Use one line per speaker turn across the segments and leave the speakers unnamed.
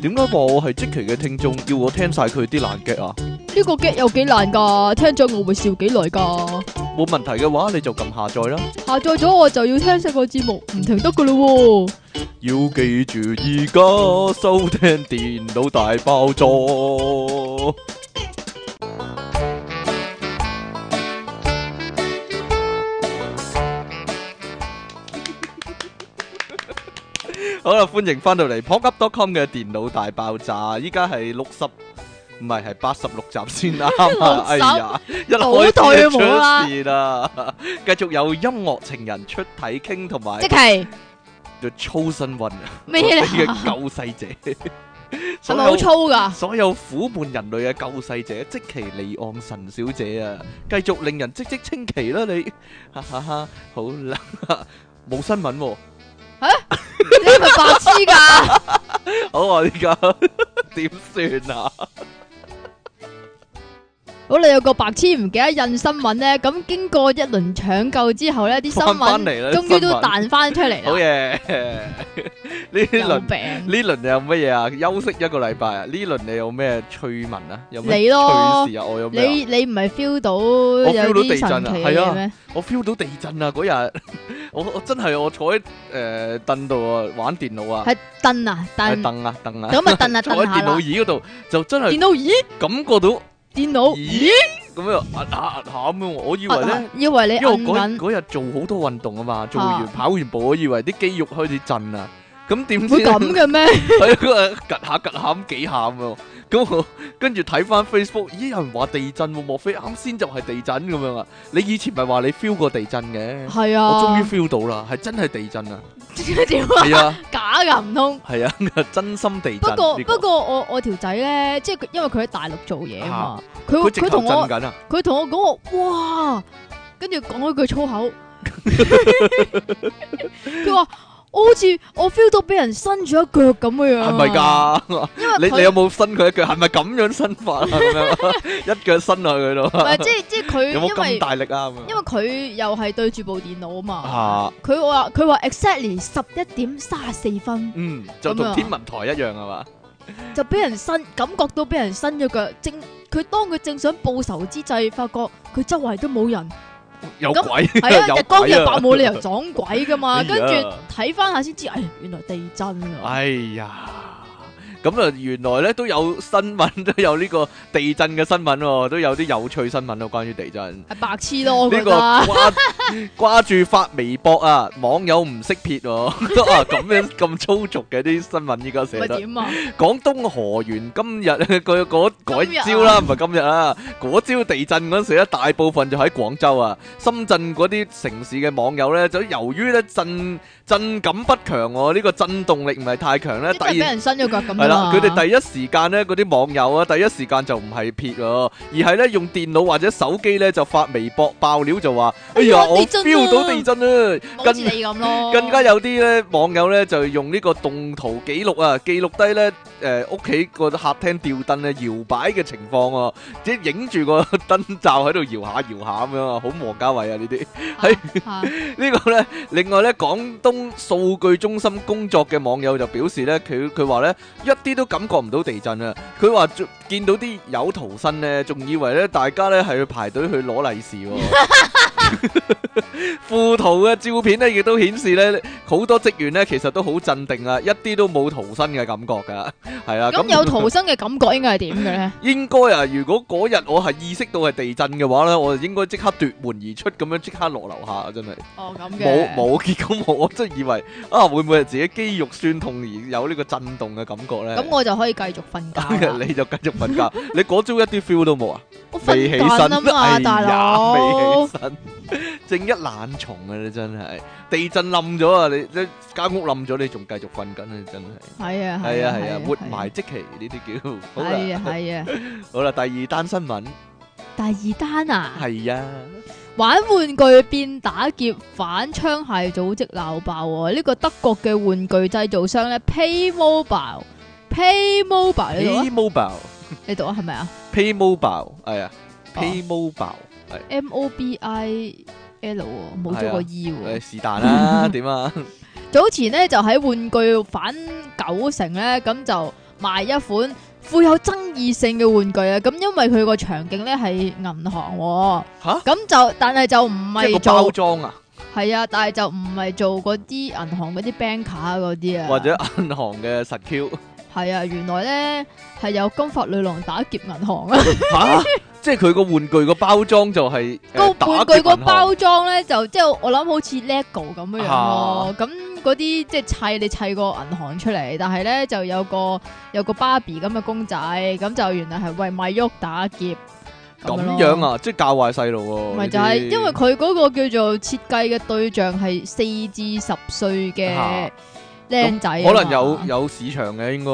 點解話我係積淇嘅聽眾，叫我聽晒佢啲爛劇啊？
呢個劇有幾爛噶？聽咗我會笑幾耐噶？
冇問題嘅話，你就撳下載啦。
下載咗我就要聽晒個節目，唔停得噶咯。
要記住，而家收聽電腦大爆炸。好啦，歡迎翻到嚟 popcup.com 嘅電腦大爆炸，依家係六十唔係係八十六集先啦！哎呀，一開就出事啦！繼續有音樂情人出體 king 同埋，即係要操新聞咩嚟啊？救世者係好粗噶，所有苦悶人類嘅救世者，積淇離岸神小姐啊！繼續令人嘖嘖稱奇啦，你哈哈哈，好啦，冇新聞。
吓，你係咪白癡噶？
好，我而家點算啊？
好，你有個白痴唔記得印新聞咧，咁經過一輪搶救之後咧，啲新聞終於都彈翻出嚟啦。好
嘢！呢輪呢輪你有乜嘢啊？休息一個禮拜啊？呢輪你有咩趣聞啊？有咩趣事啊？我有你
你唔係 feel 到地震？
我 feel 到地震啊！嗰日我我真係我坐喺誒凳度玩電腦啊，係
凳啊凳
啊凳啊咁啊凳啊！坐喺電腦椅嗰度就真係電腦椅感覺到。電腦？咦？咁樣壓壓下咁啊！我以為咧、啊啊，以
為你因為我嗰
嗰日做好多運動啊嘛，做完、啊、跑完步，我以為啲肌肉開始震啊。咁點、嗯、知會咁
嘅咩？
係啊，𥄫 下隔下咁幾喊喎。我跟住睇翻 Facebook，咦，有人話地震，莫非啱先就係地震咁樣啊？你以前咪話你 feel 過地震嘅？係是啊我終於，我終於 feel 到啦，係真係地震啊！點啊樣？係啊，
假噶唔通？
係啊，真心地震。不過不過，這個、不過
我我條仔咧，即係因為佢喺大陸做嘢啊嘛，
佢佢同我，
佢同我講哇，跟住講咗句粗口，佢話。 我好似我 feel 到俾人伸咗一腳咁嘅樣，係咪噶？
你你有冇伸佢一腳？係咪咁樣伸法？ 一腳伸落去咯。唔係，即即佢因為有冇咁大力啊，因為
佢又係對住部電腦啊嘛。佢話佢話 exactly 十一點卅四分。嗯，就同天文
台一樣，係嘛？啊、
就俾人伸，感覺到俾人伸咗腳。正佢當佢正想報仇之際，發覺佢周圍都冇人。 嗯、有鬼，係、 嗯、 啊！日光日白冇理由撞鬼噶嘛，跟住睇翻下先知，哎，原來地震啊！哎呀
～ 哎呀咁啊，原來咧都有新聞，都有呢個地震嘅新聞，都有啲有趣新聞咯，關於地震。係
白痴咯，呢個掛
掛住發微博啊，網友唔識撇，都話咁樣咁粗俗嘅啲新聞依家寫得。咪點啊？廣東河源今日佢嗰嗰一朝啦，唔係今日啊，嗰一朝地震嗰陣時咧，大部分就喺廣州啊、深圳嗰啲城市嘅網友咧，就由於咧震。震感不強喎，哦，呢、這個震動力唔係太強咧。突然俾人
伸咗腳咁樣。係啦 的，佢哋
第一時間咧，嗰啲 網友啊，第一時間就唔係撇咯，而係咧用電腦或者手機咧就發微博爆料就話哎呀呦，我 feel 到地震啊！跟你咁
咯，更，更加有
啲咧 網友咧就用呢個動圖記錄啊，記錄低咧誒屋企個客廳吊燈咧搖擺嘅情況喎，即係影住個燈罩喺度搖下搖下咁樣啊，搖著搖著樣好王家衞啊呢啲。係呢個咧，另外咧廣東。數據中心工作嘅網友就表示咧，佢佢話咧一啲都感覺唔到地震啊。佢話見到啲有逃生咧，仲以為咧大家咧係去排隊去攞利是。附圖嘅照片咧亦都顯示咧好多職員咧其實都好鎮定啊，一啲都冇逃生嘅感覺噶。係啊，咁有逃生
嘅感覺應該係點嘅咧？
應該啊，如果嗰日我係意識到係地震嘅話咧，我就應該即刻奪門而出，咁樣即刻落樓下啊！真係，冇冇結果，我真。以為啊，會唔會自己肌肉酸痛而有呢個震動嘅感覺咧？咁
我就可以繼續
瞓覺。你就繼續瞓覺，你嗰朝一啲 feel 都冇啊！我未起身啊，大佬，正一懶蟲啊！你真係地震冧咗啊！你，你間屋冧咗，你仲繼續瞓緊啊！真係，係啊係啊係啊，活埋積淇呢啲叫係啊係啊。好啦，第二單新聞。
第二單啊，
係呀、
啊，玩玩具變打劫反槍械組織鬧爆喎、哦！呢、這個德國嘅玩具製造商咧，PayMobile，PayMobile，PayMobile，你讀啊係咪啊
？PayMobile 係啊，PayMobile 係。
M O B I L 冇咗個
E 喎，誒是但啦，點啊？
早前咧就喺玩具反九成咧，咁就賣一款。富有爭議性嘅玩具啊，咁因為佢個場景咧係銀行、啊，吓咁、啊、就，但係就唔係做包裝啊，係啊，但係就唔係做嗰啲銀行啲 bank 卡嗰啲啊，或
者銀行嘅 secure，
係啊，原來咧係有金髮女郎打劫銀行啊，吓、
啊， 即係佢個玩具個包裝就係、是，高玩具個包
裝咧、呃、就即係我諗好似 Lego 咁樣樣、啊、咯，咁、啊。嗰啲即係砌你砌個銀行出嚟，但係咧就有個有個芭比咁嘅公仔，咁就原來係為賣喐打劫
咁樣啊！樣即係教壞細路，唔咪就係、是、因為
佢嗰個叫做設計嘅對象係四至十歲嘅靚仔，啊嗯、可能
有有市場嘅應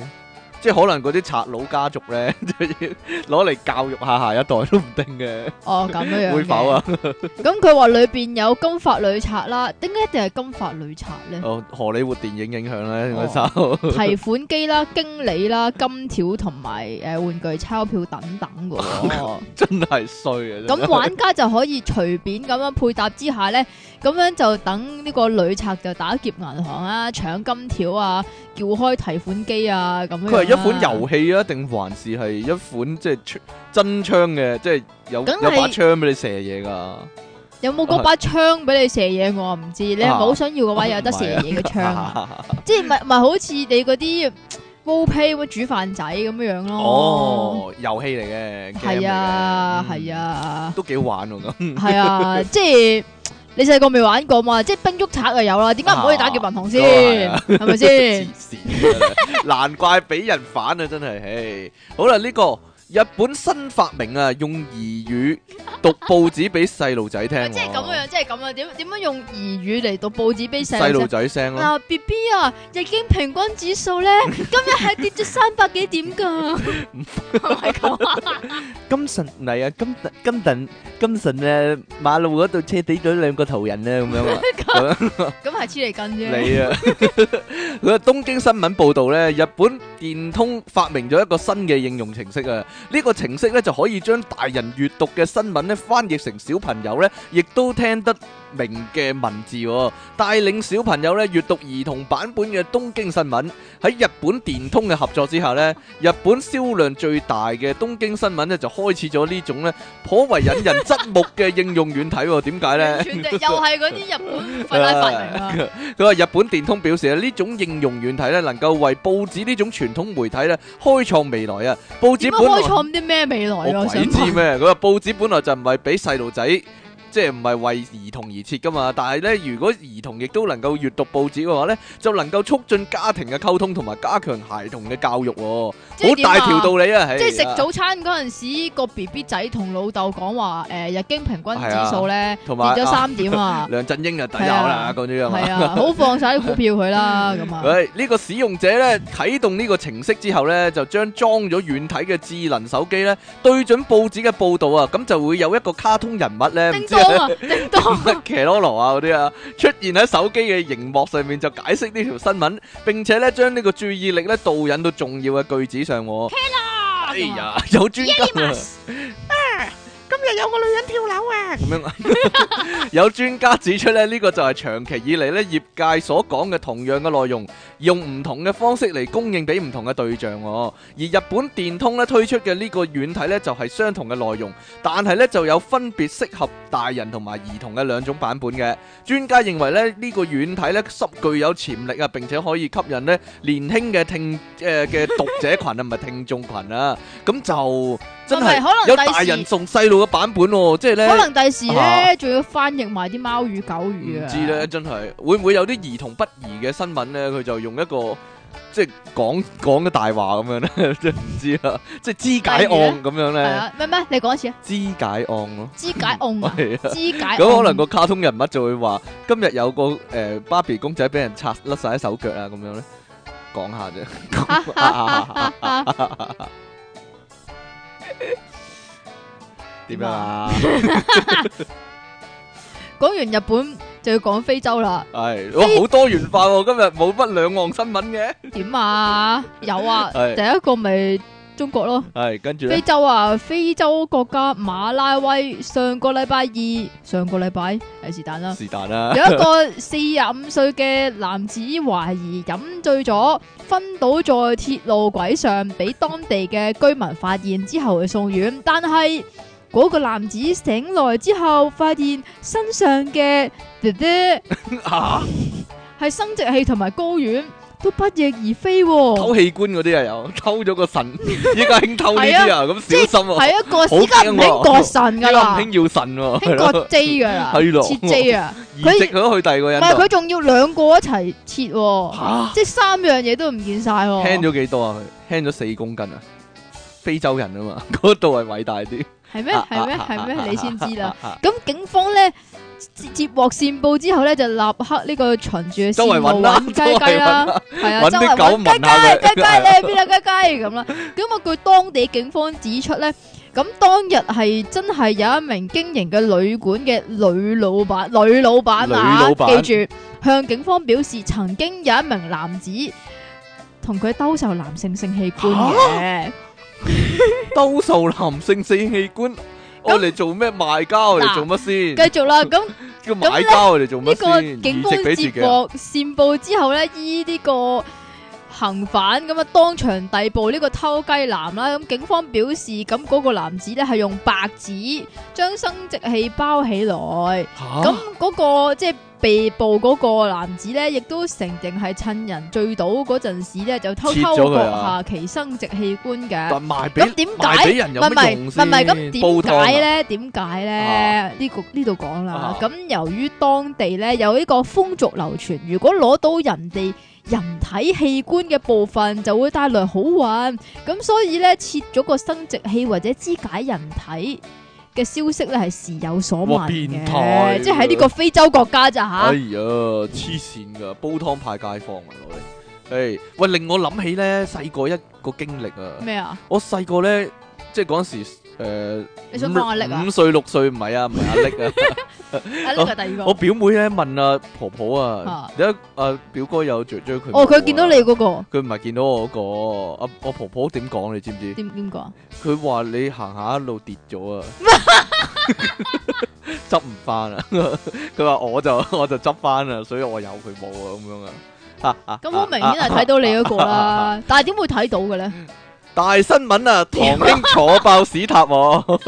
該。即係可能嗰啲賊佬家族咧，就要攞嚟教育下下一代都唔定嘅。哦，咁樣樣 會否啊？
咁佢話裏邊有金髮女賊啦，點解一定係金髮女賊咧？
哦，荷里活電影影響咧，哦、 提
款機啦、經理啦、金條同埋誒玩具鈔票等等嘅、
哦。真係衰啊！咁玩家
就可以隨便咁樣配搭之下咧，咁 樣就等呢個女賊就打劫銀行啊、搶金條啊、叫開提款機啊咁樣。 一款遊
戲啊，定還是係一款即係真槍嘅，即係有然有把槍俾你射嘢噶。
有冇嗰把槍俾你射嘢？我唔知。你係咪好想要嘅話，有得射嘢嘅槍，即係咪係好似你嗰啲煲 p 咁樣煮飯仔咁樣樣咯。
哦，遊戲嚟嘅，係啊，
係、嗯、啊，
都幾好玩喎、啊、咁。係啊，
即係。 你細個未玩過嘛？即係兵捉賊就有啦，點解唔可以打劫銀行先？係咪先？
癡線！難怪俾人反啊！真係、hey，好啦，呢、呢個。日本新發明啊，用兒語讀報紙俾細路仔聽。即係咁
樣，即係咁啊！點點樣用兒語嚟讀報紙俾細路仔聲啦？嗱，B B 啊，日經平均指數咧，今日係跌咗三百幾點噶？唔係咁
啊！金城，唔係啊，金金屯，金城啊，馬路嗰度車跌咗兩個途人啊，咁樣啊？
咁係黐嚟筋啫。你
啊，佢話東京新聞報道咧，日本電通發明咗一個新嘅應用程式啊！呢個程式咧就可以將大人閲讀嘅新聞咧翻譯成小朋友咧，亦都聽得明嘅文字帶領小朋友咧閱讀兒童版本嘅《東京新聞》，喺日本電通嘅合作之下呢，日本銷量最大嘅《東京新聞》呢就開始咗呢種呢頗為引人側目嘅應用軟體。點解呢？又係嗰
啲日本快奶
粉啊！佢話日本電通表示咧呢種應用軟體呢能夠為報紙呢種傳統媒體呢開創未來啊！報紙本開創
啲咩未來啊？我想
知咩？佢話報紙本來就唔係俾細路仔。即係唔係為兒童而設噶嘛？但係咧，如果兒童亦都能夠閱讀報紙嘅話咧，就能夠促進家庭嘅溝通同埋加強孩童嘅教育，好大條道理啊！即係食早
餐嗰陣時，個 B B 仔同老豆講話：，誒，日經平均指數咧跌咗三點
啊！梁振英就退休啦，咁樣係啊，好
放晒啲股票佢啦，
咁啊。誒，呢個使用者咧啟動呢個程式之後咧，就將裝咗軟體嘅智能手機咧對準報紙嘅報道啊，咁就會有一個卡通人物咧當騎羅羅啊嗰啲啊出現喺手機嘅熒幕上面，就解釋呢條新聞，並且咧將呢個注意力咧導引到重要嘅句子上喎。哎呀，有專家。有個女人跳樓啊！ 有專家指出咧，呢、這個就係長期以嚟咧業界所講嘅同樣嘅內容，用唔同嘅方式嚟供應俾唔同嘅對象、哦。而日本電通咧推出嘅呢個軟體呢，就係、是、相同嘅內容，但係呢就有分別適合大人同埋兒童嘅兩種版本嘅。專家認為咧呢、這個軟體呢，甚具有潛力啊，並且可以吸引咧年輕嘅聽誒嘅、呃、讀者群啊，唔係 聽眾群啊，咁就。真係，可能有大人送細路嘅版本喎，即係咧，可能第時咧，
仲要翻譯埋啲貓語、狗語啊！唔知咧，
真係會唔會有啲兒童不宜嘅新聞咧？佢就用一個即係講講嘅大話咁樣咧，即係唔知啦，即係肢解案咁樣咧？係
啊，咩咩？你講一次啊？
肢解案咯，肢解案，肢解咁可能個卡通人物就會話：今日有個誒芭比公仔俾人拆甩晒一手腳啊！咁樣咧，講下啫。點樣啊？
講完日本就要講非洲啦。
係哇，好多元化。今日冇乜兩岸新聞嘅？
點啊？有啊，第一個咪。中國咯，
係跟住非洲
啊，非洲國家馬拉威上個禮拜二，上個禮拜係是但啦，是
但啦，有一個四
十五歲嘅男子懷疑飲醉咗，昏倒在鐵路軌上，俾當地嘅居民發現之後去送院，但係嗰個男子醒來之後，發現身上嘅弟弟，係生殖器同埋睾丸。都不翼而飛，偷器
官嗰啲又有，偷咗個腎，而家興偷呢啲啊，咁小心，係一個好驚，好驚，興割腎噶啦，興割 J 噶啦，切 J 啊，佢植咗去第二個人，唔係佢
仲要兩個一齊切，即係三樣嘢都唔見晒，輕咗
幾多啊？輕咗四公斤啊！非洲人啊嘛，嗰度係偉大啲，係咩？係咩？係咩？你先知啦。
咁警方咧？接獲線報之後咧，就立刻呢個尋住線報啦，雞雞、啊、啦，係啊，雞雞雞雞，你喺邊啊？雞雞咁啦。咁啊，據、 那個、當地警方指出咧，咁當日係真係有一名經營嘅旅館嘅女老闆，女老闆啊，闆記住向警方表示，曾經有一名男子同佢兜售男性性器官嘅，
兜售男性性器官。咁嚟、哦、做咩賣膠嚟做乜先？繼續
啦，咁 賣膠嚟做乜？呢、這個警方接獲、啊、線報之後咧，依呢個行犯咁啊當場逮捕呢個偷雞男啦。咁警方表示，咁嗰個男子咧係用白紙將生殖器包起來，咁嗰、啊那個即係。被捕嗰個男子咧，亦都承認係趁人醉倒嗰陣時咧，就偷偷割下其生殖器官嘅。賣俾，咁點解？賣俾人有咩用先？唔係唔係唔係，咁點解咧？點解咧？呢個呢度講啦。咁、啊、由於當地咧有呢個風俗流傳，如果攞到人哋人體器官嘅部分，就會帶來好運。咁所以咧，切咗個生殖器或者肢解人體。嘅消息咧係時有所聞嘅。變態，即係喺呢個非洲國家咋嚇？啊、哎
呀，黐線噶，煲湯派街坊啊，老味！誒、哎，喂，令我諗起咧細個一個經歷啊！咩啊麼？我細個咧，即係嗰陣時。誒，你想幫阿拎啊？五歲六歲唔係啊，唔係阿拎啊，阿拎係第二個。我表妹咧問阿婆婆啊，點解阿表哥有着住佢。哦，佢見到你嗰個，佢唔係見到我嗰個。阿我婆婆點講你知唔知？點點講啊？佢話你行下一路跌咗啊，執唔翻啊？佢話我就我就執翻啦，所以我有佢冇啊，咁樣啊。咁我明顯係睇到
你嗰個啦，但係點會睇到嘅咧？
大新聞啊！唐兄坐爆屎塔喎。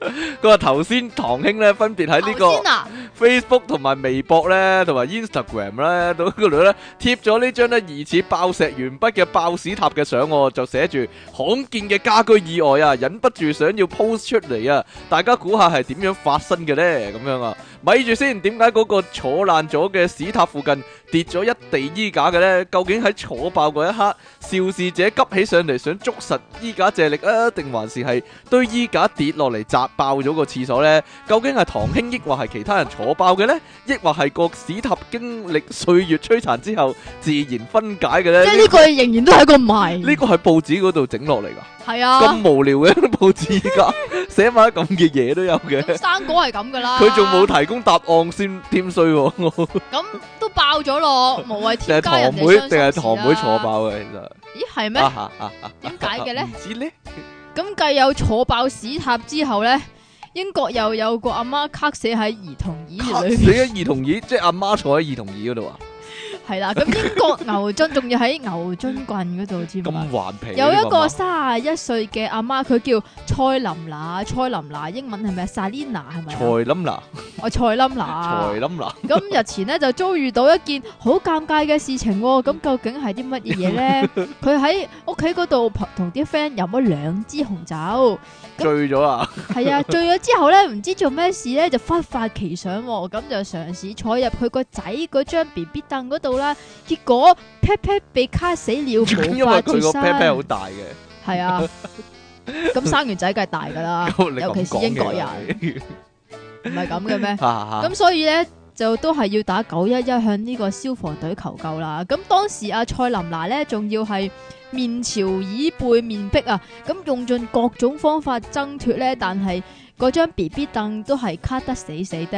佢話頭先堂兄咧，分別喺呢個 Facebook 同埋微博咧，同埋 Instagram 咧，到度咧貼咗呢張咧疑似爆石鉛筆嘅爆屎塔嘅相，就寫住罕見嘅家居意外啊，忍不住想要 post 出嚟啊！大家估下係點樣發生嘅呢？咁樣啊，咪住先，點解嗰個坐爛咗嘅屎塔附近跌咗一地衣架嘅呢？究竟喺坐爆嗰一刻，肇事者急起上嚟想捉實衣架借力啊，定還是係堆衣架跌落嚟砸？爆咗個廁所咧，究竟係堂兄抑或係其他人坐爆嘅咧，抑或係個史塔經歷歲月摧殘之後自然分解嘅咧？即係呢個
仍然都係個謎。
呢個係報紙嗰度整落嚟噶，係啊，咁無聊嘅報紙而家寫埋啲咁嘅嘢都有嘅。生果
係咁噶啦，佢仲冇
提供答案先添衰。咁
都爆咗咯，無謂添。係堂妹定係堂妹坐爆嘅，
其實咦係咩？點解嘅咧？唔
知咧。咁繼有坐爆屎塔之後咧，英國又有個阿媽，媽卡死喺兒童
椅裏面。死喺兒童椅，即係阿媽，媽坐喺兒童椅嗰度啊！
係啦，咁英國牛津仲要喺牛津郡嗰度啫嘛。咁
頑皮、啊，有一個三
十一歲嘅阿媽，佢、啊、叫蔡琳娜，蔡琳娜英文係咪 Salina 係咪
蔡琳娜？
哦、啊，蔡琳娜。蔡琳娜。咁日前呢，就遭遇到一件好尷尬嘅事情、哦，咁究竟係啲乜嘢嘢咧？佢喺屋企嗰度同啲 friend 飲咗兩支紅酒，
醉咗了啊！係 啊，醉咗
之後咧，唔知做咩事咧，就忽發奇想、哦，咁就嘗試坐入佢個仔嗰張 BB 凳嗰度。啦，結果 pet pet 被卡死了，冇法轉身。pet pet 好大
嘅，
係啊，咁生完仔梗係大噶啦， 尤其是英國人，唔係咁嘅咩？咁 所以咧就都係要打九一一向呢個消防隊求救啦。咁當時阿、啊、蔡琳娜咧仲要係面朝椅背面壁啊，咁用盡各種方法掙脫咧，但係。嗰張 B B 凳都係卡得死死的。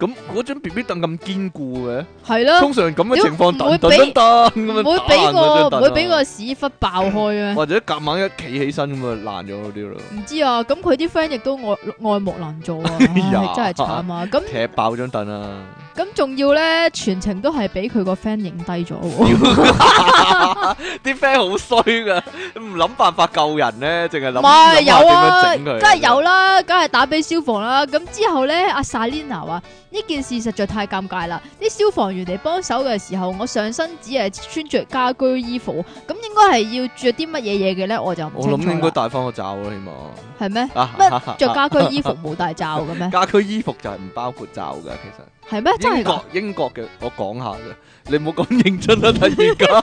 咁嗰張 B B 凳咁堅固嘅？係咯、啊，通常咁嘅情況，凳凳凳咁樣打爛咗張凳。唔會俾個、啊、會俾個
屎忽爆開 硬硬啊！或
者夾硬一企起身咁啊，爛咗嗰啲咯。唔
知啊，咁佢啲 friend 亦都愛愛莫能助。 啊，真係慘啊！咁
踢爆張凳啊！
咁仲、嗯、要咧，全程都係俾佢個 friend 影低咗。
啲 friend 好衰噶，唔諗辦法救人咧，淨係諗諗下點樣整佢。係有、啊、梗係有
啦，梗係打俾消防啦。咁之後咧，阿、啊、Salina 話呢件事實在太尷尬啦。啲消防員嚟幫手嘅時候，我上身只係穿着家居衣服，咁應該係要着啲乜嘢嘢嘅咧？我就唔我諗應該
戴翻個罩啦，起碼係咩？乜着 家居衣服冇戴罩嘅咩？家居衣服就係唔包括罩嘅，其實。
係咩？真係英國
英國嘅，我講下啫，你唔好咁認真啦。睇而家，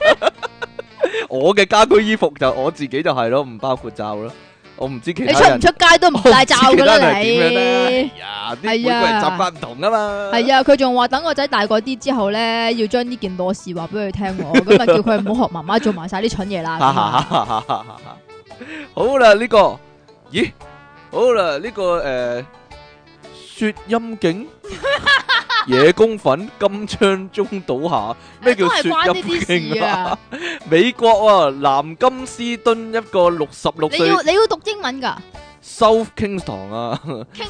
我嘅家居衣服就我自己就係咯，唔包括罩咯。我唔知其他人出唔出
街都唔戴罩噶啦。你係啊，係啊，習慣唔
同啊嘛。
係啊，佢仲話等個仔大個啲之後咧，要將呢件多事話俾佢聽，咁啊叫佢唔好學媽媽做埋曬啲蠢嘢啦。
好啦，呢個咦？好啦，呢個誒，雪音景。野公粉金槍中倒下，咩叫雪入侵 啊？美國喎南金斯敦一個六十六歲你，你要你
要讀英文噶
？South Kingston 啊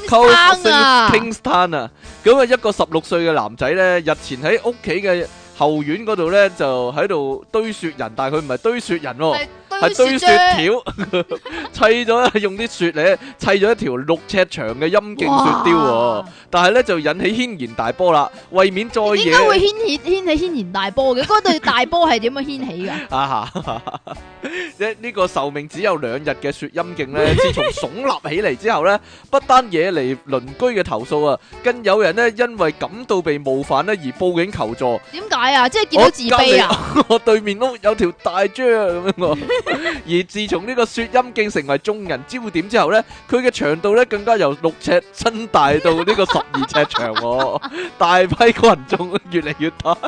k o n s t o Kingstown 啊，咁啊，Coast，啊一個十六歲嘅男仔咧，日前喺屋企嘅後院嗰度咧就喺度堆雪人，但係佢唔係堆雪人喎、啊。係堆雪條砌咗，用啲雪嚟砌咗一條六尺長嘅陰莖雪雕，但係咧就引起軒然大波啦。為免再應該會掀
起掀起軒然大波嘅，嗰對大波係點樣掀起
噶？啊哈！呢呢個壽命只有兩日嘅雪陰莖咧，自從聳立起嚟之後咧，不單惹嚟鄰居嘅投訴啊，更有人咧因為感到被冒犯咧而報警求助。
點解啊？即係見到自卑啊？我
對面屋有條大章咁樣。而自從呢個雪陰莖成為眾人焦點之後呢，佢嘅長度咧，更加由六尺增大到呢個十二尺長哦！ 大批群眾越嚟越多，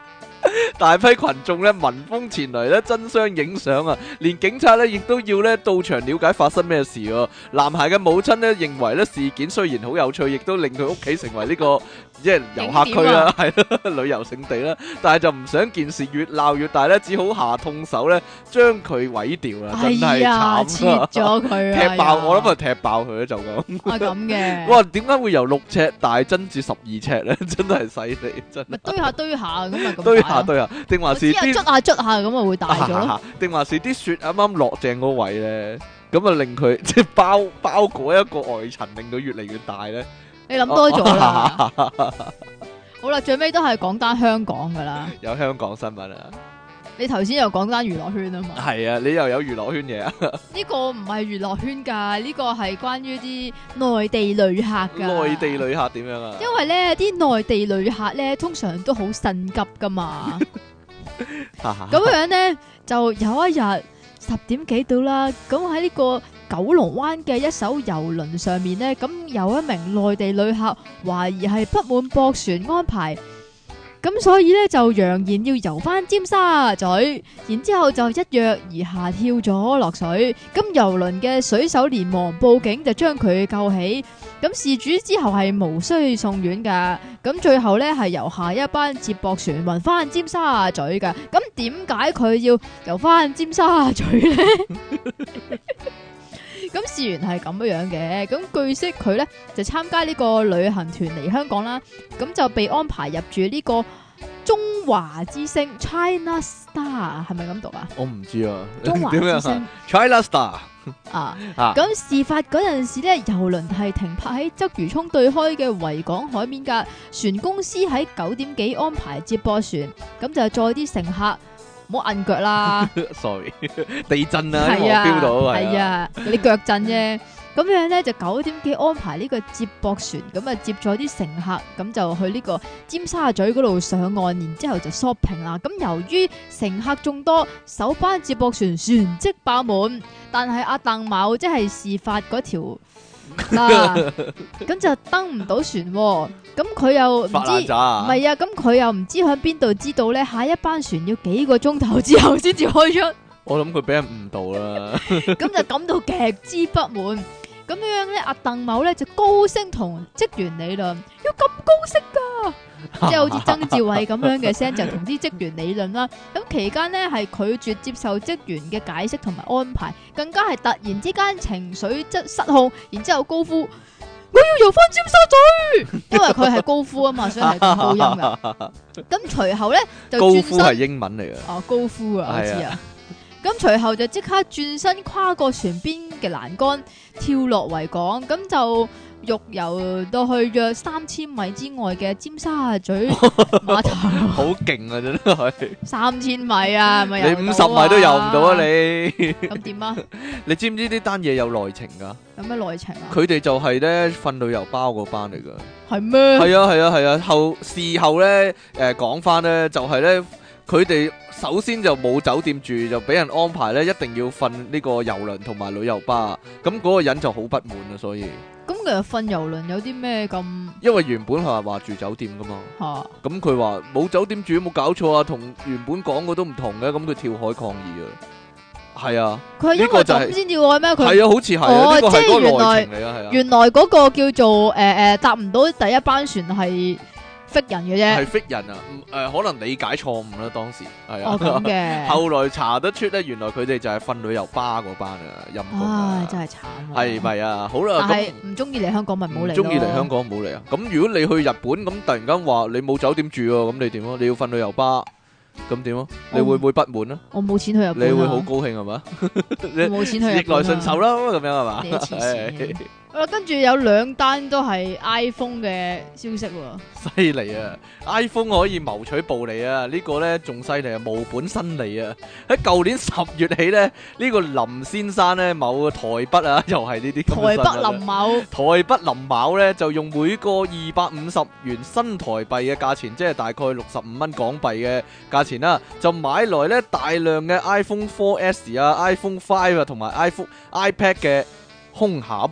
大批群眾咧，聞風前來呢，爭相影相啊！連警察呢，亦都要呢到場了解發生咩事哦、啊！男孩嘅母親呢，認為呢事件雖然好有趣，亦都令佢屋企成為呢、這個。即係遊客區啦，係、啊、 旅遊勝地啦，但係就唔想件事越鬧越大咧，只好下痛手咧，將佢毀掉啦，真係慘切咗佢、啊， 踢爆、哎、呀我諗就踢爆佢啦，就咁。係咁嘅。 哇，點解會由六尺大增至十二尺咧？真係犀利真。咪
堆下堆下咁咪。堆下
堆下，定還是？捉
下捉下咁咪會大咗。
定、啊、還是啲雪啱啱落正個位咧，咁啊令佢即係包包裹一個外層，令到越嚟越大咧。你諗多咗啦，
好啦，最尾都係講單香港噶啦。
有香港新聞啊？
你頭先又講單娛樂圈啊嘛？
係啊，你又有娛樂圈嘢
啊？呢個唔係娛樂圈噶，呢個係關於啲內地旅客噶。內
地旅客點樣啊？因
為咧，啲內地旅客咧，通常都好性急噶嘛。
咁
樣咧，就有一日十點幾到啦，咁喺呢個。九龍灣嘅一艘遊輪上面呢，咁有一名內地旅客懷疑係不滿駁船安排，咁所以呢就揚言要游翻尖沙咀，然之後就一躍而下跳咗落水。咁遊輪嘅水手連忙報警，就將佢救起。咁事主之後係無需送院噶。咁最後呢係由下一班接駁船運翻尖沙咀噶。咁點解佢要游翻尖沙咀呢？咁事源係咁樣嘅，咁據悉佢咧就參加呢個旅行團嚟香港啦，咁就被安排入住呢個中華之星 China Star，係咪咁讀啊，啊？
我唔知啊，中華之星 China Star 啊！咁
事發嗰陣時呢，遊輪係停泊喺鰂魚涌對開嘅維港海面噶，船公司喺九點幾安排接駁船，咁就載啲乘客。唔好按腳啦
！Sorry， 地震啦，我 feel 啊，你、啊
啊、腳震啫。咁 樣咧就九點幾安排呢個接駁船，咁啊接咗啲乘客，咁就去呢個尖沙咀嗰度上岸，然之後就 shopping 啦。咁由於乘客眾多，首班接駁船船即爆滿，但係阿、啊、鄧某即係事發嗰條。
嗱，
咁、 啊、就登唔到船，喔，咁佢又唔知，唔係啊，咁佢又唔知喺邊度知道咧，下一班船要幾個鐘頭之後先至開出，
我諗佢俾人誤導啦，咁 就
感到極之不滿。咁樣咧，阿鄧某咧就高聲同職員理論，要咁高聲噶 即係好似曾志偉咁樣嘅聲，就同啲職員理論啦。咁期間呢，係拒絕接受職員嘅解釋同埋安排，更加係突然之間情緒失控，然之後高呼，我要用翻尖沙咀， 因為佢係高呼啊嘛，所以係高，高音嘅。咁隨 後咧、啊，高呼係英文嚟嘅。哦，高呼啊，我知啊。 咁隨後就即刻轉身跨過船邊嘅欄杆跳落維港，咁就游游到去約三千米之外嘅尖沙咀碼
頭。好勁啊！真係
三千米啊，你五十米都游唔到啊！你
咁點啊？你知唔知呢單嘢有內情噶？
有咩內情啊？佢
哋就係咧訓旅遊包個班嚟噶。
係咩？係啊
係啊係啊，後事後咧誒講翻咧就係咧。佢哋首先就冇酒店住，就俾人安排咧，一定要瞓呢個遊輪同埋旅遊巴。咁嗰個人就好不滿啊，所以咁、
嗯、其實瞓遊輪有啲咩咁？
因為原本係話住酒店噶嘛。吓，咁佢話冇酒店住，有冇搞錯啊，同原本講嘅都唔同嘅、啊、咁、嗯、佢跳海抗議啊。係啊、就是，佢因為咁先跳海咩？佢係啊，好似係、啊、哦，這是 即係是、啊、原來原
來嗰個叫做誒誒、呃呃，搭唔到第一班船係。fit 人嘅啫，係 fit
人啊。誒，可能理解錯誤啦，當時係啊，後來查得出咧，原來佢哋就係瞓旅遊巴嗰班啊，陰功啊，真係慘，係咪啊？好啦，咁唔
中意嚟香港咪唔好嚟咯，中意嚟香
港唔好嚟啊。咁如果你去日本咁突然間話你冇酒店住喎，咁你點啊？你要瞓旅遊巴，咁點啊？你會唔會不滿啊？
我冇錢去日本，你會好
高興係嘛？你冇錢去日本，逆來順受啦，咁樣係嘛？
跟住有兩單都係 iPhone 嘅消息喎，
犀利啊！iPhone 可以謀取暴利啊！呢個咧仲犀利啊，無本生利啊！喺舊年十月起咧，呢個林先生咧，某個台北啊，又係呢啲台北林某、台北林某咧，就用每個二百五十元新台幣嘅價錢，即係大概六十五蚊港幣嘅價錢啦，就買來咧大量嘅 iPhone 4S 啊、iPhone 5啊同埋 iPhone iPad 嘅空盒。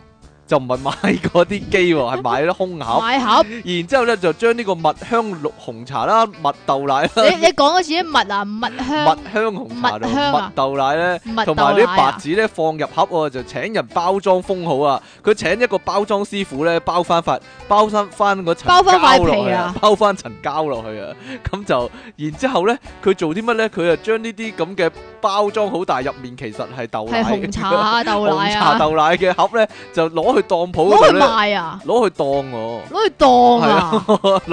就唔係買嗰啲機，係買啲空盒。買盒，然之後咧就將呢個蜜香綠紅茶啦、蜜豆奶啦。你你
講嗰啲蜜啊蜜香蜜
香紅茶，蜜香、啊、蜜豆奶咧，同埋啲白紙咧、啊、放入盒，就請人包裝封好啊。佢請一個包裝師傅咧包翻，法，包翻翻嗰層包翻皮啊，包翻層膠落去啊。咁就，然之後咧佢做啲乜咧？佢就將呢啲咁嘅包裝好，但入面其實係豆奶。係紅茶啊，豆奶啊。紅茶豆奶嘅盒咧就攞。去當鋪攞去賣啊！攞去當啊，攞去當啊！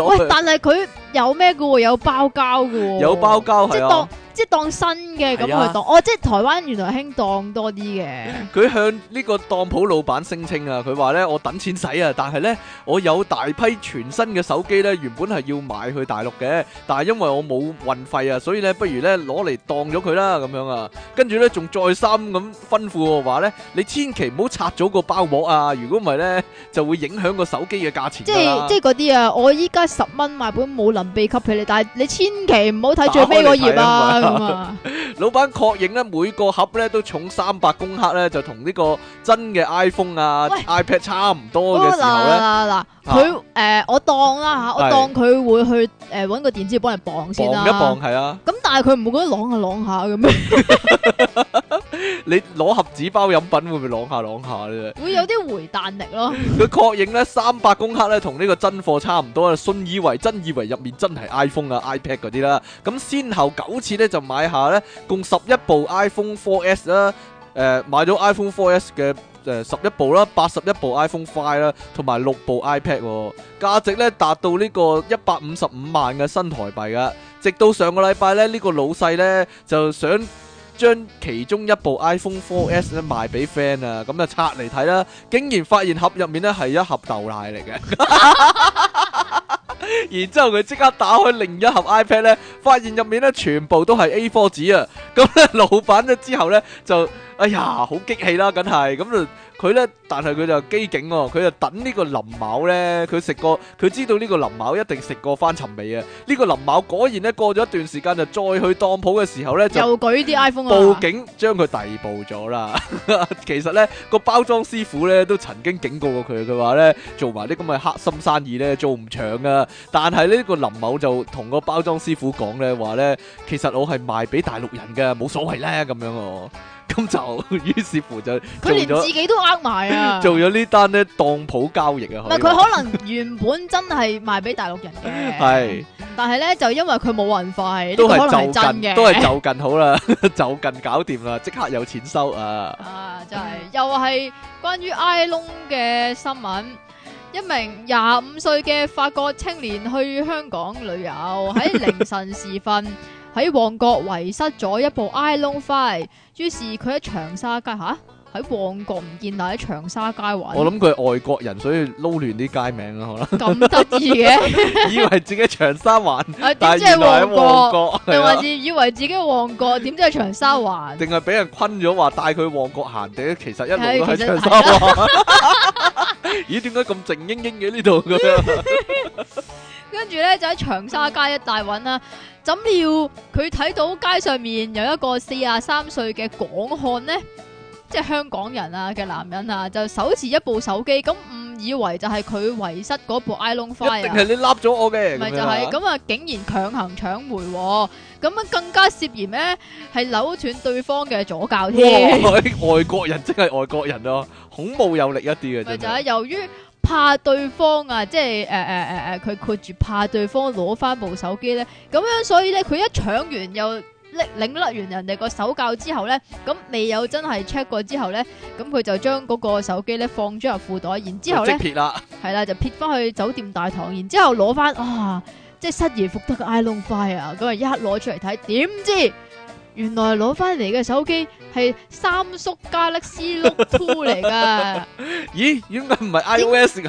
喂，但
係佢。有咩嘅喎？有包膠嘅喎，有包膠係啊！即係當，即係當新嘅咁去當哦，即係台灣原來興當多啲嘅。
佢向呢個當鋪老闆聲稱啊，佢話咧我等錢使啊，但係咧我有大批全新嘅手機咧，原本係要買去大陸嘅，但係因為我冇運費啊，所以咧不如咧攞嚟當咗佢啦咁樣啊。跟住咧仲再三咁吩咐話咧，你千祈唔好拆咗個包膜啊！如果唔係咧，就會影響個手機嘅價錢。即係即係
嗰啲啊！我依家十蚊賣，本冇諗。秘笈俾你，但係你千祈唔好睇最尾嗰頁啊！咁啊，這樣
老闆確認咧，每個盒咧都重三百公克咧，就同呢個真嘅 iPhone 啊喂 iPad 差唔多嘅時候咧，
嗱，佢誒，我當啦，吓，我當佢會去誒搵，呃、個電子嚟，幫人磅先啦，磅一磅係啊。咁但係佢唔會覺得啷下啷下嘅咩？
你攞盒紙包飲品會唔會啷下啷下咧？
會有啲回彈力咯。
佢確認咧，三百公克咧，同呢個真貨差唔多啦，信以為真以為入面。 真係 iPhone 啊 iPad 嗰啲啦，咁先後九次咧就買下咧，共十一部 iPhone 4S 啦，誒買咗 iPhone 4S 嘅誒十一部啦，八十一部 iPhone 5啦，同埋六部 iPad，價值咧達到呢個一百五十五萬嘅新台幣噶。直到上個禮拜咧，呢個老細咧就想將其中一部 iPhone 4S 咧賣俾 friend 啊，咁就拆嚟睇啦，竟然發現盒入面咧係一盒豆奶嚟嘅。然之後佢即刻打開另一盒 iPad 咧，發現入面咧全部都係 A4 紙啊！咁咧，老闆咗之後咧就。哎呀，好激氣啦，梗係咁就，佢呢，但係佢就機警哦，佢就等呢個林某呢。佢食過，佢知道呢個林某一定食過翻尋味啊！呢、這個林某果然呢，過咗一段時間就再去當鋪嘅時候呢，就
舉啲 iPhone 報
警，將佢逮捕咗啦。 其實呢個包裝師傅呢，都曾經警告過佢，佢話呢，做埋啲咁嘅黑心生意呢，做唔長噶。但係呢、這個林某就同個包裝師傅講呢話呢，其實我係賣俾大陸人嘅，冇所謂咧咁樣哦。咁就 於是乎就佢連自己
都呃埋啊！ 做
咗呢單咧當鋪交易啊！唔係佢可能
原本真係賣俾大陸人嘅，係 是，但係咧就因為佢冇運費，都係就近嘅，都係就
近好啦， 就近搞掂啦，即刻有錢收啊！啊、就係，
真係又係關於 Elon 嘅新聞，一名廿五歲嘅法國青年去香港旅遊，喺凌晨時分。 喺旺角遺失咗一部 iPhone Five，於是佢喺長沙街吓。喺旺角唔見，但喺長沙街玩。我諗佢
係外國人，所以撈亂啲街名啦，可能。咁
得
意嘅， 以為自己長沙環，但係原來旺角，定甚至
以為自己旺角，點、啊、知係長沙環？
定係俾人困咗，話帶佢旺角行，地其實一路都係長沙環。 咦？點解咁靜英英嘅呢度咁樣？
跟住咧，就喺長沙街一帶揾啦。怎料佢睇到街上面有一個四廿三歲嘅港漢咧？即係香港人啊嘅男人啊，就手持一部手機，咁誤以為就係佢遺失嗰部 iPhone Five 啊，一定係你
笠咗我嘅，咪就係咁
啊！竟然強行搶回，咁啊更加涉嫌咧係扭斷對方嘅左腳添。
外國人即係外國人咯，孔武有力一啲嘅。就係
由於怕對方啊，即係誒誒誒誒，佢括住怕對方攞翻部手機咧，咁樣所以咧，佢一搶完又。拎擰甩完人哋個手膠之後咧，咁未有真係 check 過之後咧，咁佢就將嗰個手機咧放咗入褲袋，然之後咧，係啦就撇翻去酒店大堂，然之後攞翻啊，即係失而復得嘅 iPhone 5啊，咁啊一刻攞出嚟睇，點知？原來攞翻嚟嘅手機係三叔 Galaxy Note two 嚟噶。
咦？點解唔係 iOS 系系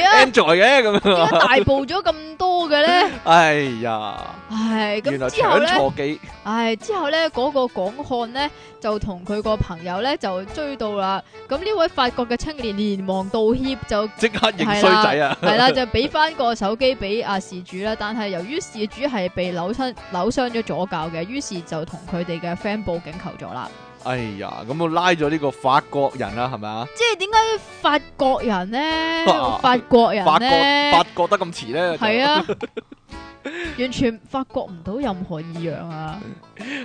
啊？在嘅咁樣，點解 大步
咗咁多嘅咧？
哎呀，
係，咁之後咧，哎，之後咧嗰、那個港漢咧就同佢個朋友咧就追到啦。咁呢位法國嘅青年連忙道歉就，就即刻認衰仔啊！係 啦、啊啊，就俾翻個手機俾阿事主啦。但係由於事主係被扭親扭傷咗左腳嘅，於是就同佢。佢哋嘅 friend 報警求助啦！
哎呀，咁我拉咗呢個法國人啦，係咪啊？
即係點解法國人咧？法國人法咧？法
國得咁遲咧？係啊，
完全發覺唔到任何異樣啊！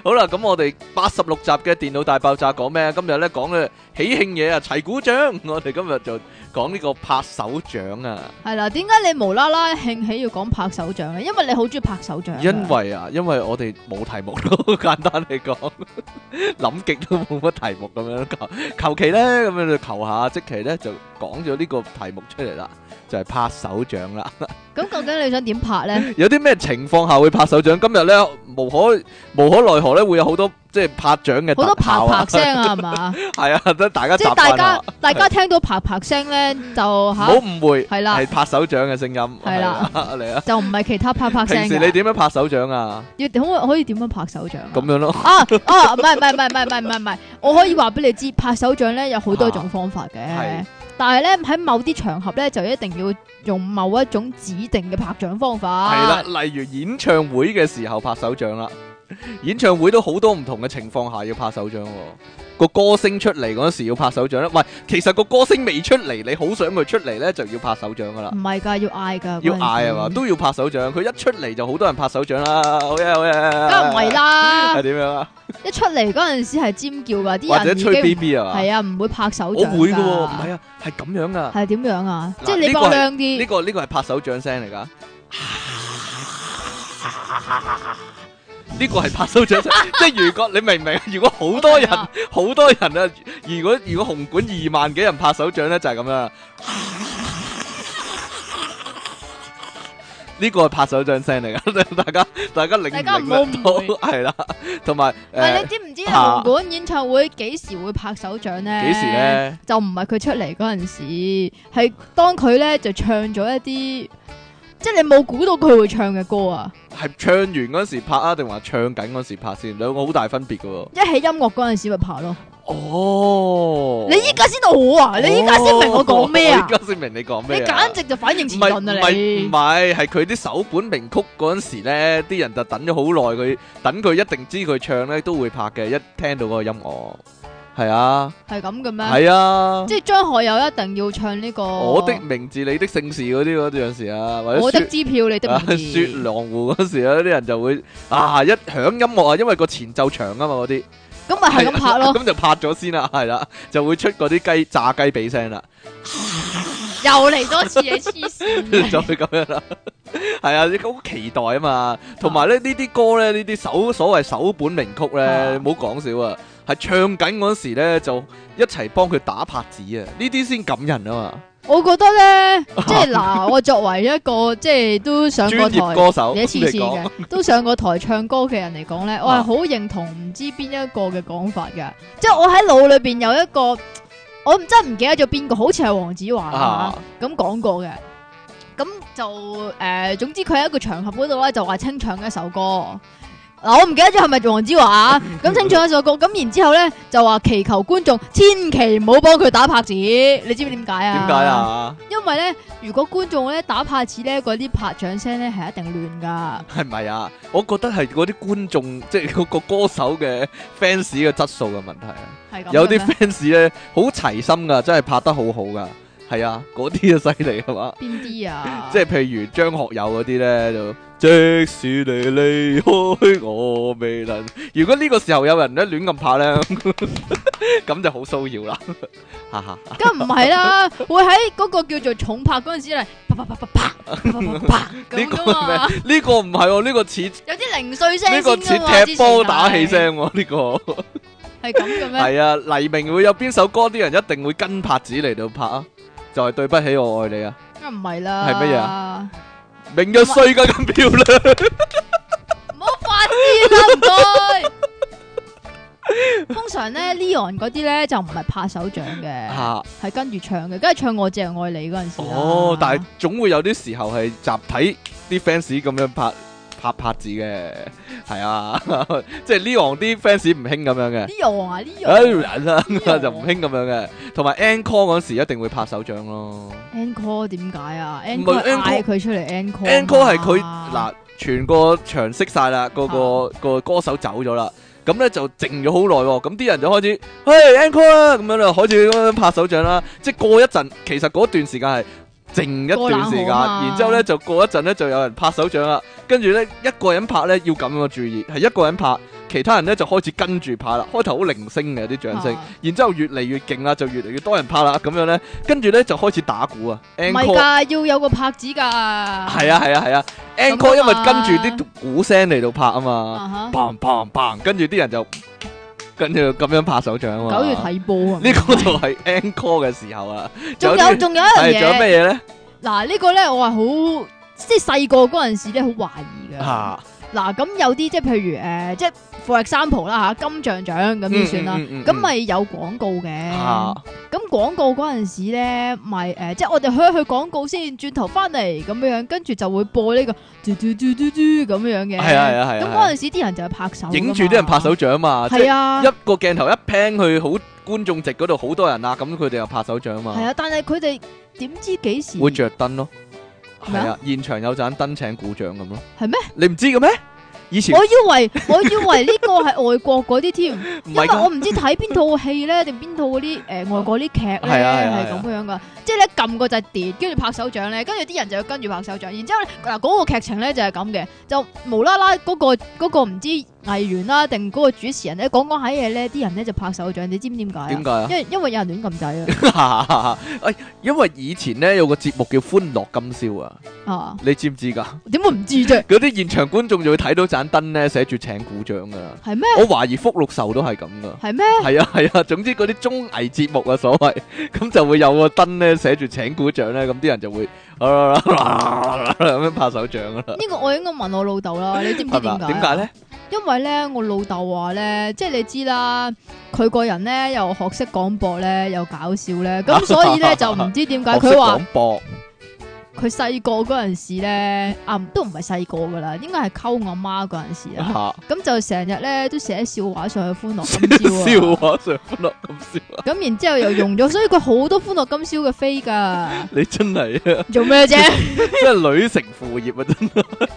好啦，咁我哋八十六集嘅電腦大爆炸講咩？今日咧講嘅喜慶嘢啊，齊鼓掌。我哋今日就講呢個拍手掌啊。
係啦，點解你無啦啦興起要講拍手掌咧？因為你好中意拍手掌。因
為啊，因為我哋冇題目咯，簡單嚟講，諗 極都冇乜題目咁樣，求其咧，咁樣就求下，即其咧就。講咗呢個題目出嚟啦，就係拍手掌啦。
咁究竟你想點拍咧？
有啲咩情況下會拍手掌？今日咧，無可無可奈何咧，會有好多即係拍掌嘅。好多拍拍聲啊，係嘛？係啊，大家。即係大家，大家聽
到拍拍聲咧，就唔好誤
會。係啦，係拍手掌嘅聲音。係啦，嚟啊！
就唔係其他拍拍聲。平時
你點樣拍手掌啊？
要可可以點樣拍手掌？咁樣咯。啊啊，唔係唔係唔係唔係唔係唔係，我可以話俾你知，拍手掌咧有好多種方法嘅。係。但係咧，喺某啲場合咧，就一定要用某一種指定嘅拍掌方法。係啦，
例如演唱會嘅時候拍手掌啦。演唱會都好多唔同嘅情況下要拍手掌，哦，個歌星出嚟嗰時要拍手掌啦。喂，其實個歌星未出嚟，你好想佢出嚟咧，就要拍手掌噶啦。
唔係噶，要嗌噶，要嗌係嘛，
都要拍手掌。佢一出嚟就好多人拍手掌 啦。好嘢，好嘢，梗唔係啦。係點樣啊？
一出嚟嗰陣時係尖叫噶，啲人或者吹 B B 啊嘛。係啊，唔會拍手掌。我會噶，唔係
啊，係咁樣啊。
係點樣啊？即係你夠亮
啲。呢個呢個係拍手掌聲嚟噶。呢個係拍手掌聲， 即係如果你明唔明？如果好多人、好多人啊，如果如果紅館二萬幾人拍手掌咧，就係、是、咁樣。呢個係拍手掌聲嚟噶，大家大家領唔領到？係啦，同埋唔你知唔知、啊、紅館
演唱會幾時會拍手掌咧？幾時咧？就唔係佢出嚟嗰陣時，係當佢咧就唱咗一啲，即係你冇估到佢會唱嘅歌啊！
係唱完嗰時拍啊，定話唱緊嗰時拍先，兩個好大分別噶。
一起音樂嗰陣時咪拍咯。
哦，你依家先到我
啊！你依家先明我講咩啊？依
家先明你講咩啊？你簡
直就反應遲鈍啦！你
唔係，係佢啲首本名曲嗰陣時咧，啲人就等咗好耐，佢等佢一定知佢唱咧，都會拍嘅，一聽到嗰個音樂。係啊，
係咁嘅咩？係啊，即係張學友一定要唱呢、這個我的
名字你的姓氏嗰啲嗰陣時啊，或者我的支
票你的名字，
啊、雪狼湖嗰時啊，啲人就會啊一響音樂啊，因為個前奏長嘛、嗯、啊嘛嗰啲，咁咪係咁拍咯，咁、啊、就拍咗先啦，係啦、啊，就會出嗰啲雞炸雞髀聲啦，
又嚟多次黐線
啊，再咁樣啦，係啊，你個好期待啊嘛，同埋咧呢啲歌咧呢啲首所謂首本名曲咧，唔好講笑啊。係唱緊嗰時咧，就一齊幫佢打拍子啊！呢啲先感人啊嘛！
我覺得咧，即係嗱， 我作為一個即係都上過台歌手一次嘅，都上過台唱歌嘅人嚟講咧， 我係好認同唔知邊一個嘅講法嘅。 即係我喺腦裏邊有一個，我唔真唔記得咗邊個，好似係黃子華咁講 過嘅。咁就誒、呃，總之佢喺一個場合度咧，就話清唱一首歌。嗱，我唔記得咗係咪黃之華啊？咁 清唱一首歌，咁然之後咧就話祈求觀眾千祈唔好幫佢打拍子，你知唔知點解啊？點解啊？因為咧，如果觀眾咧打拍子咧，嗰啲拍掌聲咧係一定亂噶。
係咪啊？我覺得係嗰啲觀眾，即係嗰個歌手嘅 fans 嘅質素嘅問題啊。係咁樣。有啲 fans 咧好齊心噶，真係拍得好好噶。係啊，嗰啲啊犀利係嘛？
邊
啲啊？即係譬如張學友嗰啲咧就。即使你離開我未能。如果呢個時候有人一亂咁拍咧，咁就好騷擾啦。吓吓，梗唔係啦，
會喺嗰個叫做重拍嗰陣時咧，啪啪啪啪啪啪啪
咁啊。呢個唔係，呢個唔係，呢個似有啲零碎
聲。呢個似踢波打氣聲。呢個係咁嘅咩？係啊，
黎明會有邊首歌啲人一定會跟拍子嚟到拍啊？就係對不起我愛你啊？
梗唔係啦。係乜嘢啊？
明若衰家咁漂亮，唔好發癲唔
該。 通常咧，Leon 嗰啲咧就唔係拍手掌嘅，係、啊、跟住唱嘅，跟住唱我淨係愛你嗰陣時。哦，
但係總會有啲時候係集體啲 fans 咁樣拍。拍拍字嘅，係啊， 即係呢行啲 fans 唔興咁樣嘅。呢行啊，呢行樣，就唔興咁樣嘅。同埋 encore 嗰時一定會拍手掌咯。
encore 點解啊？encore 佢出嚟 encore encore 係佢嗱
全個場熄晒啦，個個 個歌手走咗啦，咁咧就靜咗好耐喎。咁啲人就開始，嘿 encore 啊，啦，咁樣就開始咁樣拍手掌啦。即係過一陣，其實嗰段時間係。靜一段時間，然之後咧就過一陣咧就有人拍手掌啦，跟住咧一個人拍咧要咁樣注意，係一個人拍，其他人咧就開始跟住拍啦。開頭好零星嘅啲掌聲，啊、然之後越嚟越勁啦，就越嚟越多人拍啦，咁樣咧，跟住咧就開始打鼓啊。Encore，唔
係噶，要有個拍子噶，啊。係啊
係啊係啊，啊，Encore，啊，因為跟住啲鼓聲嚟到拍啊嘛，砰砰砰，跟住啲人就。跟住咁樣拍手掌啊！九月睇波啊！呢個就係 Encore 嘅時候啊！仲有仲有一樣嘢，仲有咩嘢咧？
嗱，呢個咧我係好即係細個嗰陣時咧好懷疑噶。嗱咁、啊、有啲即係譬如誒，即係 for example 啦吓，金像獎咁算啦，咁咪、嗯嗯嗯、有廣告嘅。咁廣、啊、告嗰陣時咧，咪、就、誒、是呃，即係我哋去去廣告先，轉頭翻嚟咁樣，跟住就會播呢、這個嘟嘟嘟嘟嘟咁樣嘅。係啊係啊係咁嗰陣時啲人就係拍手，影住啲人
拍手掌嘛。係啊，一個鏡頭一 pan 去好觀眾席嗰度，好多人啊，咁佢哋又拍手掌啊嘛。係
啊，但係佢哋點知幾時會
着燈咯。係啊，現場有盞燈請鼓掌咁咯。係咩嗎？你唔知嘅咩？以前我以
為我以為呢個係外國嗰啲添， 因為我唔知睇邊套戲咧定邊套嗰啲誒外國啲劇咧係咁樣噶，即係咧撳個掣碟，跟住拍手掌咧，跟住啲人就要跟住拍手掌，然之後嗱嗰個劇情咧就係咁嘅，就無啦啦嗰個嗰、嗰個唔知。藝員啦、啊，定嗰個主持人咧講講下嘢咧，啲人咧就拍手掌，你知唔知點解？點解、啊？因為因為有人亂撳掣啊！哎，
因為以前咧有個節目叫《歡樂今宵》啊，啊你知唔知噶？點會唔知啫？嗰啲 現場觀眾就會睇到盞燈咧，寫住請鼓掌噶啦。係咩？我懷疑《福祿壽》都係咁噶。係咩、啊？係啊係啊，總之嗰啲綜藝節目啊，所謂咁就會有個燈咧，寫住請鼓掌咧，咁啲人就會。好啦，拍手掌噶啦？呢
個我應該問我老豆啦， 你知唔知點解？點解咧？為呢因為咧，我老豆話咧，即係你知啦，佢個人咧又學識廣播咧，又搞笑咧，咁所以咧 就唔知點解佢話廣播。 說佢細個嗰陣時咧，啊都唔係細個噶啦，應該係溝我媽嗰陣時啦。咁、啊、就成日咧都寫笑話上去、啊《歡樂今宵、啊》。笑
話上《歡樂今宵》。
咁然之後又用咗，所以佢好多《歡樂今宵》嘅飛㗎。
你真係啊！做咩啫？即係 女承父業啊！真係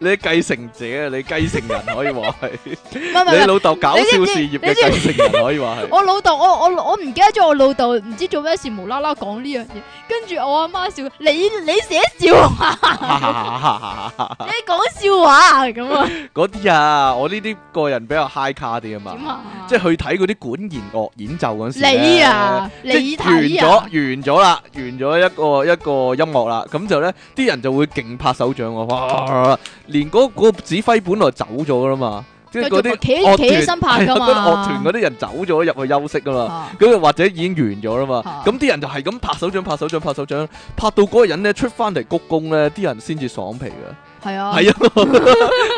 你繼承者，你繼承人可以話係。你老豆搞笑事業嘅 繼承人可以話係。我
老豆，我我我唔記得咗，我，我，我，我老豆唔知做咩事無啦啦講呢樣嘢，跟住我阿媽，媽笑你。你寫笑話， 你講笑話啊咁啊？
嗰啲啊，我呢啲個人比較 high 卡啲啊嘛，啊即係去睇嗰啲管弦樂演奏嗰時，你啊，你
睇、啊、完咗
完咗啦，完咗一個一個音樂啦，咁就咧啲人就會勁拍手掌啊，哇！連嗰、嗰個嗰個指揮本來走咗啦嘛。即係啲企企起身拍噶嘛，嗰啲樂團嗰啲人走咗入去休息噶嘛，咁又、啊、或者已經完咗啦嘛，咁啲、啊、人就係咁拍手掌拍手掌拍手掌，拍到嗰個人咧出翻嚟鞠躬咧，啲人先至爽皮噶。係啊，係啊，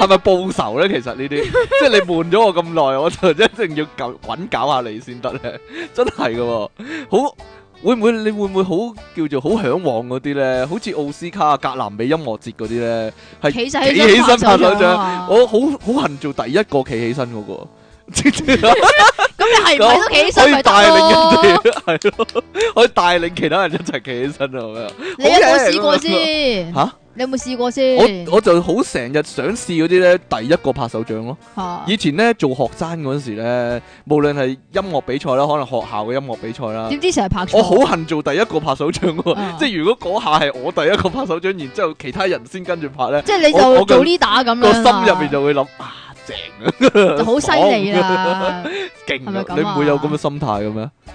係咪報仇咧？其實呢啲， 即係你悶咗我咁耐， 我就一定要搞滾搞下你先得咧， 真係噶，好。 會唔會你會唔會好叫做好嚮往嗰啲咧？好似奧斯卡、格蘭美音樂節嗰啲咧，係企起身拍手掌。我好好恨做第一個企起身嗰、嗰個。咁 你係
唔係都企起身嚟咯？ 可以帶領人哋，係 咯，
可以帶領其他人一齊企起身啊！好啊，你有冇試過先？嚇！
你有冇試過先？我我
就好成日想試嗰啲咧，第一個拍手掌咯。啊、以前咧做學生嗰時咧，無論係音樂比賽啦，可能學校嘅音樂比賽啦，點知成日拍。我好恨做第一個拍手掌，啊、即係如果嗰下係我第一個拍手掌，然之後其他人先跟住拍咧。即係你就做 leader
咁樣。個心入
面就會諗。啊好犀利啊，勁啊！你唔會有咁嘅心態嘅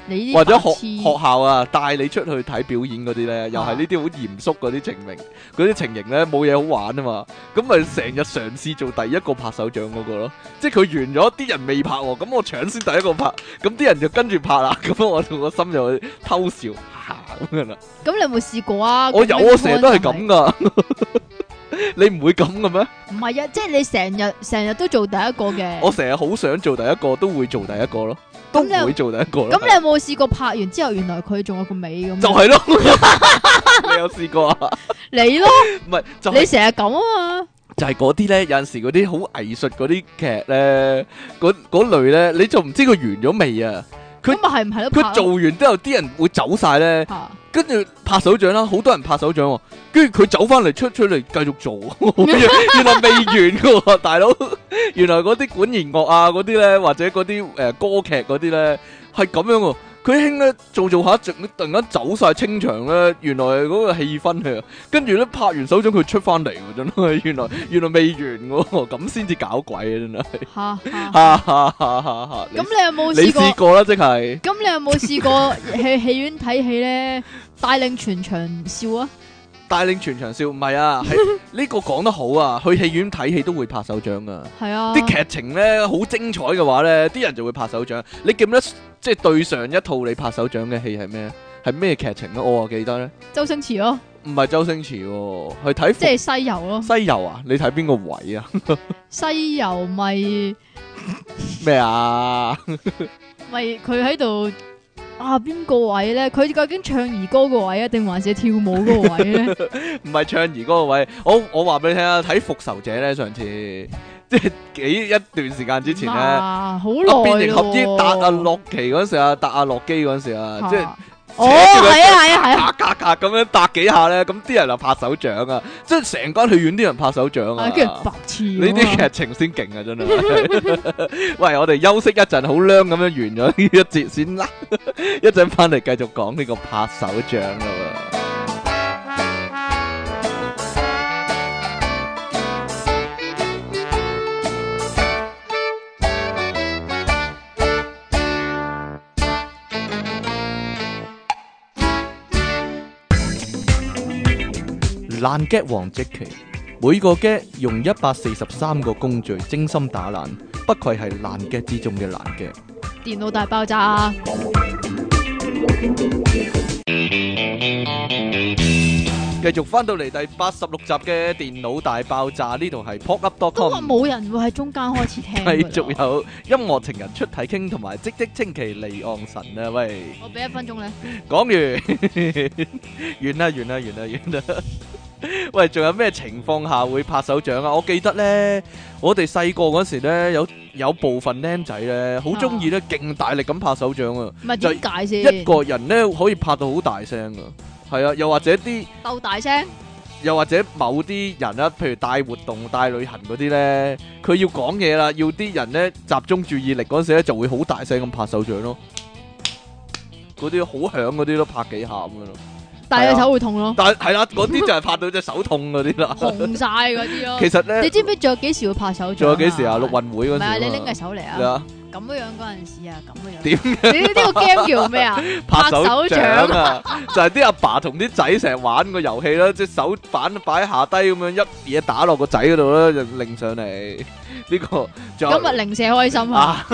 咩？或者學學校啊，帶你出去睇表演嗰啲咧，又係呢啲好嚴肅嗰啲情形，嗰啲情形咧冇嘢好玩啊嘛！咁咪成日嘗試做第一個拍手掌嗰個咯，即係佢完咗啲人未拍，咁我搶先第一個拍，咁啲人就跟住拍啦，咁我我心就會偷笑咁噶啦。
咁你有冇試過啊？我有啊，成日都係咁噶。
你唔會咁嘅咩？
唔係啊，即係你成日成日都做第一個嘅。 我
成日好想做第一個，都會做第一個咯，
你都唔會做
第一個咯。咁你有
冇試過拍完之後，原來佢仲有個尾咁？就係
咯， 你有試過啊？ 你咯，唔係，就係，你成日
咁啊嘛？
就係嗰啲咧，有陣時嗰啲好藝術嗰啲劇咧，嗰嗰類咧，你就唔知佢完咗未啊？佢係唔係咯？佢做完之後，啲人會走晒咧，跟住、啊、拍手掌啦，好多人拍手掌、哦，跟住佢走翻嚟，出出嚟繼續做， 原來未完噶喎，大佬，原來嗰啲管弦樂啊，嗰啲咧，或者嗰啲誒歌劇嗰啲咧，係咁樣喎。佢興咧做做下，突然間走晒清場咧，原來嗰個氣氛係啊！跟住咧，拍完手掌佢出翻嚟，真係原來原來未完喎，咁先至搞鬼啊！真係，吓哈，
吓吓吓吓！咁你有冇試過試
過啦？即係，
咁你有冇試過喺戲院睇戲咧，帶 領全場笑啊？
帶領全場笑，唔係啊，係呢個講得好啊，去戲院睇戲都會拍手掌噶。係啊，啲劇情咧好精彩嘅話咧，啲人就會拍手掌。你記唔得，即係對上一套你拍手掌嘅戲係咩？係咩劇情啊？我啊記得咧，
周星馳咯，
唔係周星馳，去睇即係西遊咯。西遊啊？你睇邊個位啊？
西遊咪
咩 麼啊？
咪佢喺度。啊，邊個位咧？佢究竟唱兒歌個位啊，定還是跳舞嗰個位咧？
唔係 唱兒歌個位，我我話俾你聽啊，睇《復仇者》咧，上次即係幾一段時間之前咧，啊，
變形合啲，打
阿洛奇嗰陣時，打啊，時啊，打阿洛基嗰陣時啊，即係。哦，係啊，係啊，係啊，咔咔咔咁樣拍幾下咧，咁啲人就拍手掌啊，即係成間戲院啲人拍手掌啊，
呢啲
劇情先勁啊，真係。 喂，我哋休息一陣，好靚咁樣完咗呢一節先啦， 一陣翻嚟繼續講呢個拍手掌噶啦爛 gag 王積淇，每個 gag 用一百四十三個工序精心打爛，不愧係爛 gag 之中嘅爛 gag。
電腦大爆炸，
繼續翻到嚟第八十六集嘅電腦大爆炸，呢度係扑噏多音。都話冇
人會喺中間開始聽。繼續有
音樂情人出體 king，同埋積淇離岸神啊！喂，我俾一分鐘咧，講完完啦，完啦，完啦，完啦。喂，仲有咩情況下會拍手掌啊？我記得咧，我哋細個嗰時咧，有有部分僆仔咧，好中意咧，勁大力咁拍手掌啊！咪點解先？一個人咧可以拍到好大聲噶，係啊，又或者啲
鬥大聲，
又或者某啲人啦，譬如帶活動、帶旅行嗰啲咧，佢要講嘢啦，要啲人咧集中注意力嗰時咧，就會好大聲咁拍手掌咯。嗰啲好響嗰啲都拍幾下咁樣咯。但係手會痛咯。但係係啦，嗰啲就係拍到隻手痛嗰啲啦，紅
晒嗰啲咯。其實咧，你知唔知仲有幾時會拍手
掌？仲有幾時啊？陸運會嗰時你拎隻手嚟啊。咁嘅樣嗰陣時啊，咁嘅樣。點嘅？呢個 game 叫咩啊？拍手掌啊！就係啲阿爸同啲仔成日玩個遊戲啦，隻手板擺下低咁樣，一嘢打落個仔嗰度啦，就擰上嚟。呢個今日
零舍開心啊！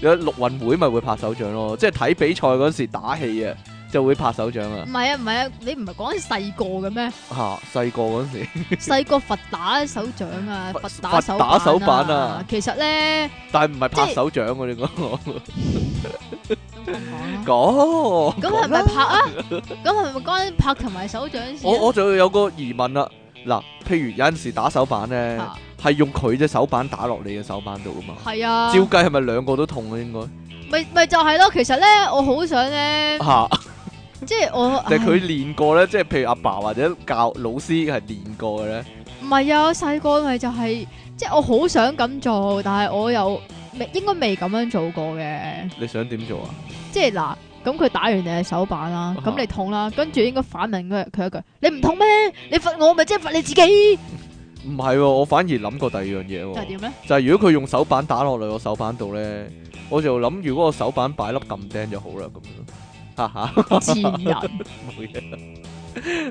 有陸運會咪會拍手掌咯，即係睇比賽嗰時打氣啊！就會拍手掌啊！唔係啊，
唔係啊，你唔係講緊細個嘅咩？
吓，細個嗰時。細
個罰打手掌啊，罰打手板啊。其實咧，
但係唔係拍手掌嘅呢個。講，
咁係咪拍啊？咁係咪講拍同埋手掌先？我我就
有個疑問啦，嗱，譬如有陣時打手板咧，係用佢隻手板打落你嘅手板度噶嘛？係啊。照計係咪兩個都痛啊？應該。
咪咪就係咯，其實咧，我好想咧。吓。即係我，係佢
練過咧，即係譬如阿爸，爸或者教老師係練過嘅咧。
唔係啊，細個咪就係、是，即、就、係、是、我好想咁做，但係我又未應該未咁樣做過嘅。
你想點做啊？
即係嗱，咁佢打完你手板啦，咁、uh huh. 你痛啦，跟住應該反問佢佢一句，你唔痛咩？你罰我咪即係罰你自己？
唔係喎，我反而諗過第二樣嘢喎。就係點咩？就係如果佢用手板打落嚟，我手板度咧，我就諗如果我手個手板擺粒撳釘就好啦咁。哈哈，賤人。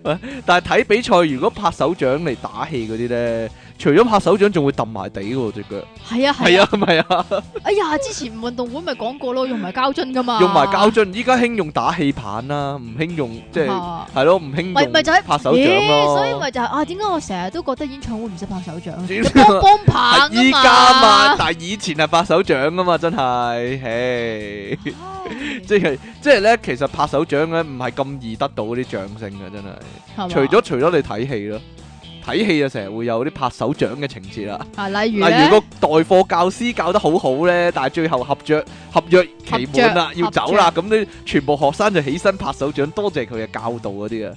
喂，但係睇比賽，如果拍手掌嚟打氣嗰啲咧。除咗拍手掌，仲會揼埋地喎、啊、隻腳。係啊係啊係啊！
哎呀，之前運動會咪講過咯，用埋膠樽噶嘛。用埋膠樽，
依家興用打氣棒啦、啊，唔興、就是啊、用即係係咯，唔興、就是。咪咪就拍手掌咯。所以咪就
係、是、啊，點解我成日都覺得演唱會唔識拍手掌，
就幫拍。係依家啊嘛，但係以前係拍手掌啊嘛，真係，即係即係咧，其實拍手掌咧唔係咁易得到嗰啲掌聲嘅，真係嗎。除咗除咗你睇戲咯。睇戲就成日會有啲拍手掌嘅情節啦，
啊，例如啊，如果
代課教師教得好好呢，但係最後合約合約期滿啦，著要走啦，咁呢著全部學生就起身拍手掌，多謝佢嘅教導嗰啲啊，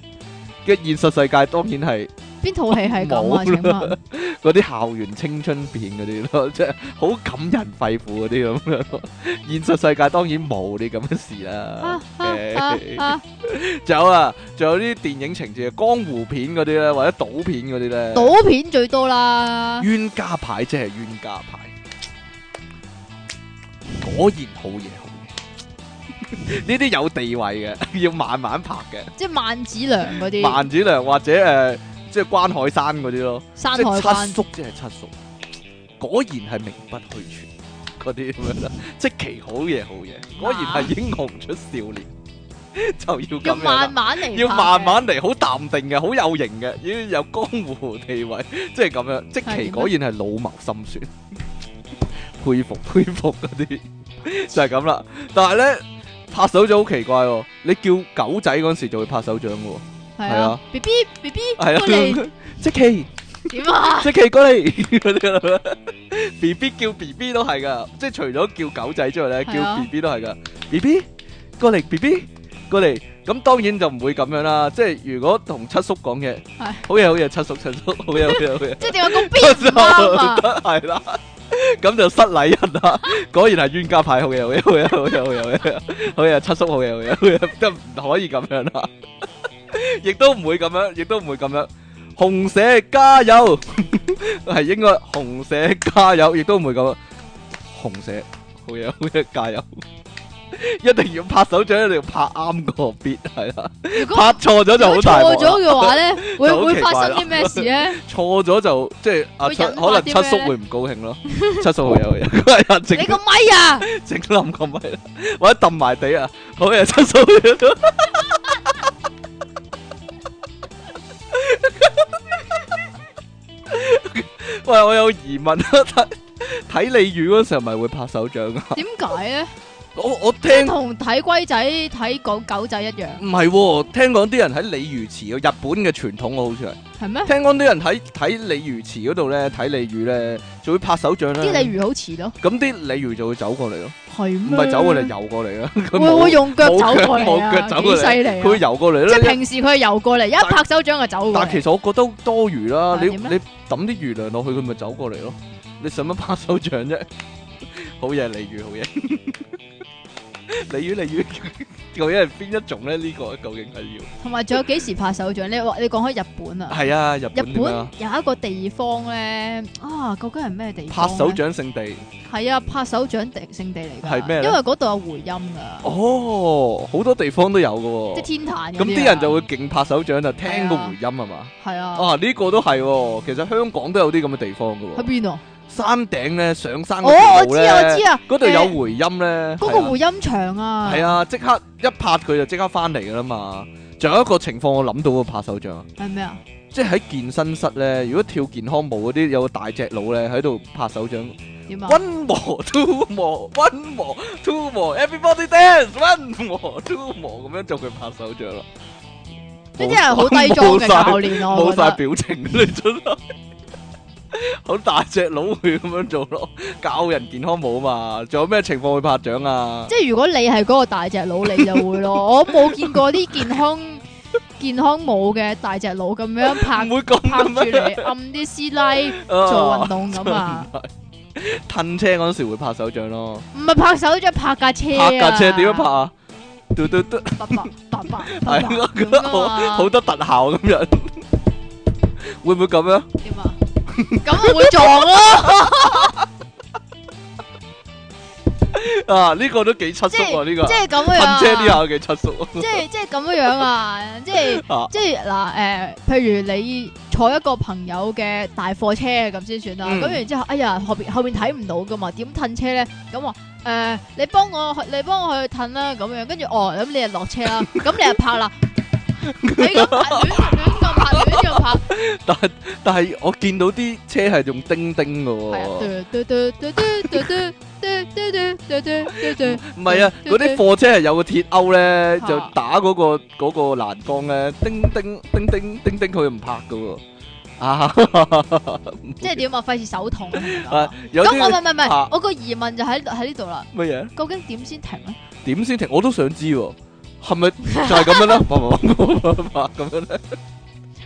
嘅現實世界當然係。
邊套戲係咁啊？
嗰啲校園青春片嗰啲咯，即係好感人肺腑嗰啲咁樣咯。 現實世界當然冇啲咁嘅事啦、啊。仲、啊啊、 有啊，仲有啲電影情節，江湖片嗰啲咧，或者賭片嗰啲咧。賭片
最多啦。冤
家牌即係冤家牌，果然好嘢，好嘢。呢啲有地位嘅，要慢慢拍嘅。
即係萬梓良嗰啲。萬
梓良或者誒。呃即係關海山嗰啲咯，即係七叔，即係七叔，果然係名不虛傳。嗰啲咁樣啦，即其好嘢，好嘢，果然係英雄出少年，就要咁樣啦。要慢慢嚟，要慢慢嚟，好淡定嘅，好有型嘅，要有江湖地位，即係咁樣。即其果然係老謀深算，佩服佩服嗰啲就係咁啦。但係咧拍手掌好奇怪哦，你叫狗仔嗰時就會拍手掌嘅。係啊
，B B B B，係啊，積淇點啊？積
淇過嚟，B B 叫 B B 都係噶，即係除咗叫狗仔之外咧，叫 B B 都係噶。B B 過嚟，B B 過嚟，咁當然就唔會咁樣啦。即係如果同七叔講嘢，好嘢好嘢，七叔七叔，好嘢好嘢
好嘢，即係
點啊？咁就失禮人啦，果然係冤家派好嘢，好嘢好嘢好嘢好嘢，好嘢七叔好嘢好嘢都唔可以咁樣啦。亦都唔會咁樣，亦都唔會咁樣。紅社加油，係應該紅社加油，亦都唔會咁樣。紅社好嘢，好嘢加油，一定要拍手掌，一定要拍啱個 beat 係啦。拍錯咗就好大鑊。錯咗嘅話咧，會唔會發生啲咩事咧？錯咗就即係阿可能七叔會唔高興咯。七叔好嘢，你個咪啊，整冧個咪，或者揼埋地啊，好嘢，七叔。喂，我有疑問啊！睇睇鯉魚嗰陣時候，咪會拍手掌啊？
點解呢？我我聽同睇龜仔睇講狗仔一樣，
唔係，聽講啲人喺鯉魚池，日本嘅傳統好似係係咩？聽講啲人睇睇鯉魚池嗰度咧，睇鯉魚咧，就會拍手掌啦。啲鯉魚好遲咯，咁啲鯉魚就會走過嚟咯，
係咪走過嚟
游過嚟啊？會會用腳走過嚟佢會游過嚟咧，即係平時
佢游過嚟，一拍手掌就走。但係其
實我覺得多餘啦，你你抌啲魚糧落去，佢咪走過嚟咯？你使乜拍手掌啫？好嘢，鯉魚好嘢。鯉魚鯉魚，究竟係邊一種咧？呢個究竟係要同
埋，仲有幾時拍手掌？你話你講開日本啊？係
啊，日本有
一個地方咧，啊，究竟係咩地方？拍手掌
聖地。
係啊，拍手掌地聖地嚟噶。係咩？因為嗰度有回音噶。
哦，好多地方都有噶，即係天
壇咁。啲人就
會勁拍手掌，就聽個回音，係嘛？係啊。啊，呢個都係，其實香港都有啲咁嘅地方噶。喺邊啊？山頂咧，上山嘅時候咧，嗰度、哦、有回音咧，嗰、欸啊、個回
音牆啊，係
啊，即刻一拍佢就即刻翻嚟噶啦嘛。仲有一個情況我諗到個拍手掌，係咩啊？即係喺健身室咧，如果跳健康舞嗰啲有個大隻佬咧喺度拍手掌 one more, two more, one more, two more, everybody dance, one more, two more，咁樣就佢拍手掌啦。呢啲係好低裝嘅操練咯，冇晒表情你啦。 好大隻佬會咁樣做咯，教人健康舞嘛？仲有咩情況會拍掌啊？即
係如果你係嗰個大隻佬，你就會咯。我冇見過啲健康健康舞嘅大隻佬咁樣拍，會咁拍住嚟按啲師奶做運動咁啊？
褪車嗰時會拍手掌咯，
唔係拍手掌拍架車啊？拍架車
點樣拍啊？嘟嘟嘟，係我覺得好好多特效咁樣，會唔會咁樣？
點啊？咁 會撞咯
啊，呢、這個都幾七叔啊，呢、這個，即係咁樣，即咁樣啊，即係即
係咁樣啊，即係即係嗱誒，譬如你坐一個朋友嘅大貨車咁先算啦，咁、嗯、然後之後哎呀後邊後邊睇唔到噶嘛，點褪車咧？咁話誒，你幫我你幫我去褪啦，啊，咁樣跟住哦，咁你就落車啦，咁 你就拍啦，你咁
拍，亂亂咁拍。 咁樣拍，但係但係我見到啲車係用叮叮
嘅喎。唔係啊，嗰啲貨車係
有個鐵鈎咧，就打嗰個嗰個欄杆咧，叮叮叮叮叮叮，佢唔拍嘅喎。啊，
即係點啊？費事手痛咁
我啲唔係唔係唔係，我
個疑問就喺喺呢度啦。乜嘢？究竟點先停咧？
點先停？我都想知喎。係咪就係咁樣咧？慢慢慢慢咁樣咧？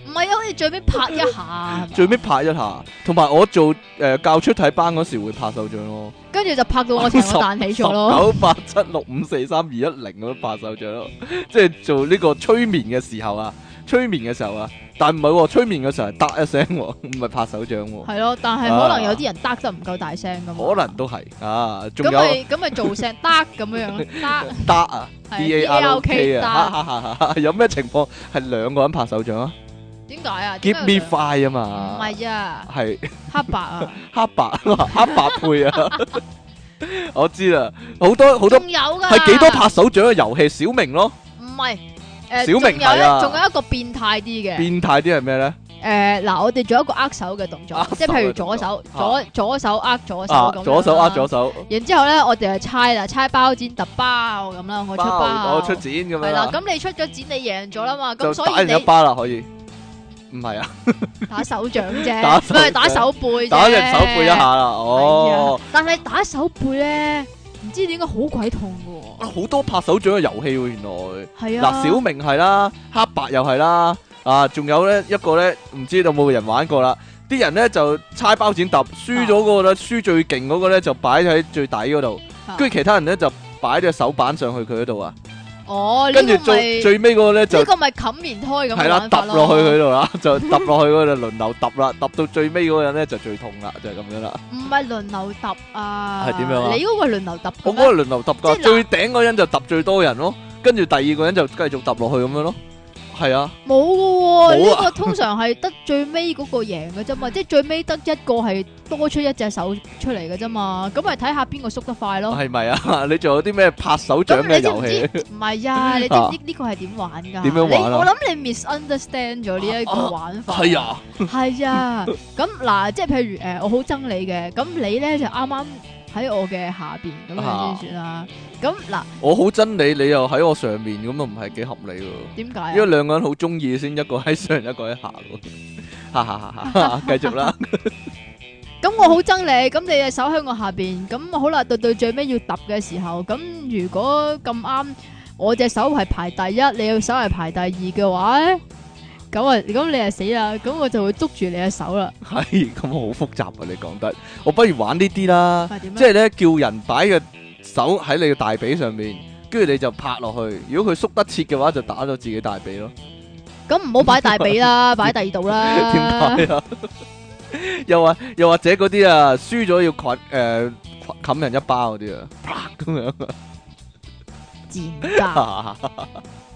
唔係啊，好似最尾拍一下，
最尾拍一下，同埋我做誒教出體班嗰時會拍手掌咯，
跟住就拍到我成個彈起咗咯，九
八七六五四三二一零咁樣拍手掌咯，即係做呢個催眠嘅時候啊，催眠嘅時候啊，但唔係喎，催眠嘅時候係得一聲喎，唔係拍手掌喎。係
咯，但係可能有啲人得得唔夠大聲咁。
可能都係啊，咁咪
咁咪做聲得咁樣
樣咯，得得啊，D A R O K 啊，有咩情況係兩個人拍手掌啊？
點解啊？Give
me five 啊嘛！唔係啊，係黑白啊，黑白黑白配啊！我知啦，好多好多係幾多拍手掌嘅遊戲，小明咯，
唔係誒，小明係仲有一個變態啲嘅，變
態啲係咩咧？
誒，嗱，我哋做一個握手嘅動作，即係譬如左手左左手握左手咁，左手握左手，然之後咧我哋就猜啦，猜包剪揼包咁啦，我出包，我出
剪咁樣，係啦，咁
你出咗剪你贏咗啦嘛，咁所以你包
啦可以。唔係不啊 ，
打手掌啫， 打,手掌 打手背打隻手背一下啦，
哦、
啊。但係打手背咧，唔知點解好鬼痛嘅、
啊啊。好多拍手掌嘅遊戲喎，原來。係是啊。嗱、啊，小明係啦，黑白又係啦，啊，仲有咧一個咧，唔知道冇人玩過啦？啲人咧就猜包剪揼，輸咗嗰個咧，輸最勁嗰個咧就擺喺最底嗰度，跟住、啊、其他人咧就擺隻手板上去佢嗰度啊。
哦，跟住是最最
尾嗰個咧就呢個
咪冚棉胎咁樣玩法揼落去佢
度啦，啦 就揼落去嗰度輪流揼啦，揼 到最尾嗰個人咧就最痛啦，就係、是、咁樣啦。
唔係輪流揼啊，係點樣呀？你
嗰個輪流揼我嗰個輪流揼嘅， 最頂嗰個人就揼最多人咯，跟住第二個人就繼續揼落去咁樣咯。係是啊，
啊，冇嘅喎，呢個通常係得最尾嗰個贏嘅啫嘛， 即係最尾得一個係多出一隻手出嚟嘅啫嘛，咁咪睇下邊個縮得快咯。係
咪啊？ 你仲有啲咩拍手掌嘅遊戲？
你知唔知，唔係 啊，你知唔知呢個係點玩噶？點樣、啊、玩、啊、我諗你 misunderstand 咗呢一個玩法。係啊，係啊，咁、哎、嗱，即係譬如誒、呃，我好憎你嘅，咁你咧就啱啱。喺我嘅下邊咁先算啦。咁嗱、啊，
啊、我好憎你，你又喺我上面，咁又唔係幾合理？點解？因為兩個人好中意先，一個喺上，一個喺下咯。哈，下下下，繼、啊啊啊啊啊、續啦。
咁 我好憎你，咁你隻手喺我下邊，咁好啦。到到最尾要揼嘅時候，咁如果咁啱我隻手係排第一，你隻手係排第二嘅話咧？咁啊，如果你係死啦，咁我就會捉住你嘅手啦。
係，咁好複雜啊！你講得，我不如玩呢啲啦，即係咧，叫人擺個手喺你嘅大髀上面，跟住你就拍落去。如果佢縮得切嘅話，就打咗自己大髀咯。
咁唔好擺大髀啦，擺第二度啦。點解
擺啊？ 又話又或者嗰啲啊，輸咗要捆誒，冚人一包嗰啲啊，咁 樣啊，家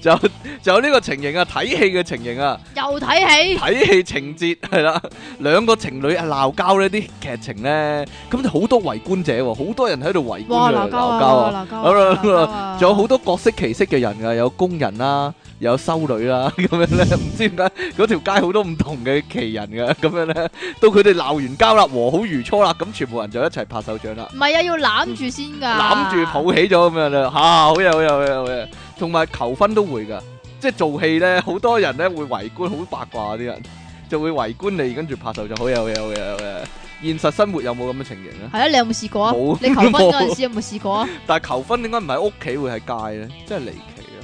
就就有呢個情形啊，睇戲嘅情形啊，
又睇戲，睇戲
情節係啦，兩個情侶啊鬧交呢啲劇情咧，咁就好多圍觀者，好多人喺度圍觀啊，鬧交啊，鬧交仲有好多各色其色嘅人啊，有工人啦，有修女啦，咁樣咧，唔知點解嗰條街好多唔同嘅奇人噶，咁樣咧，到佢哋鬧完交啦，和好如初啦，咁全部人就一齊拍手掌啦，
唔係啊，要攬住先噶，攬住
抱起咗咁樣啦，吓，好嘢，好嘢，好嘢，好嘢。同埋求婚都會噶，即係做戲咧，好多人咧會圍觀，好八卦啲人 就會圍觀你，跟住拍手掌 好嘢，好嘢，好嘢嘅。現實生活有冇咁嘅情形咧？係
啊，你有冇試過啊？有你求婚嗰陣時有冇試過啊？
但係求婚應該唔係屋企會係街咧，真係離奇啊。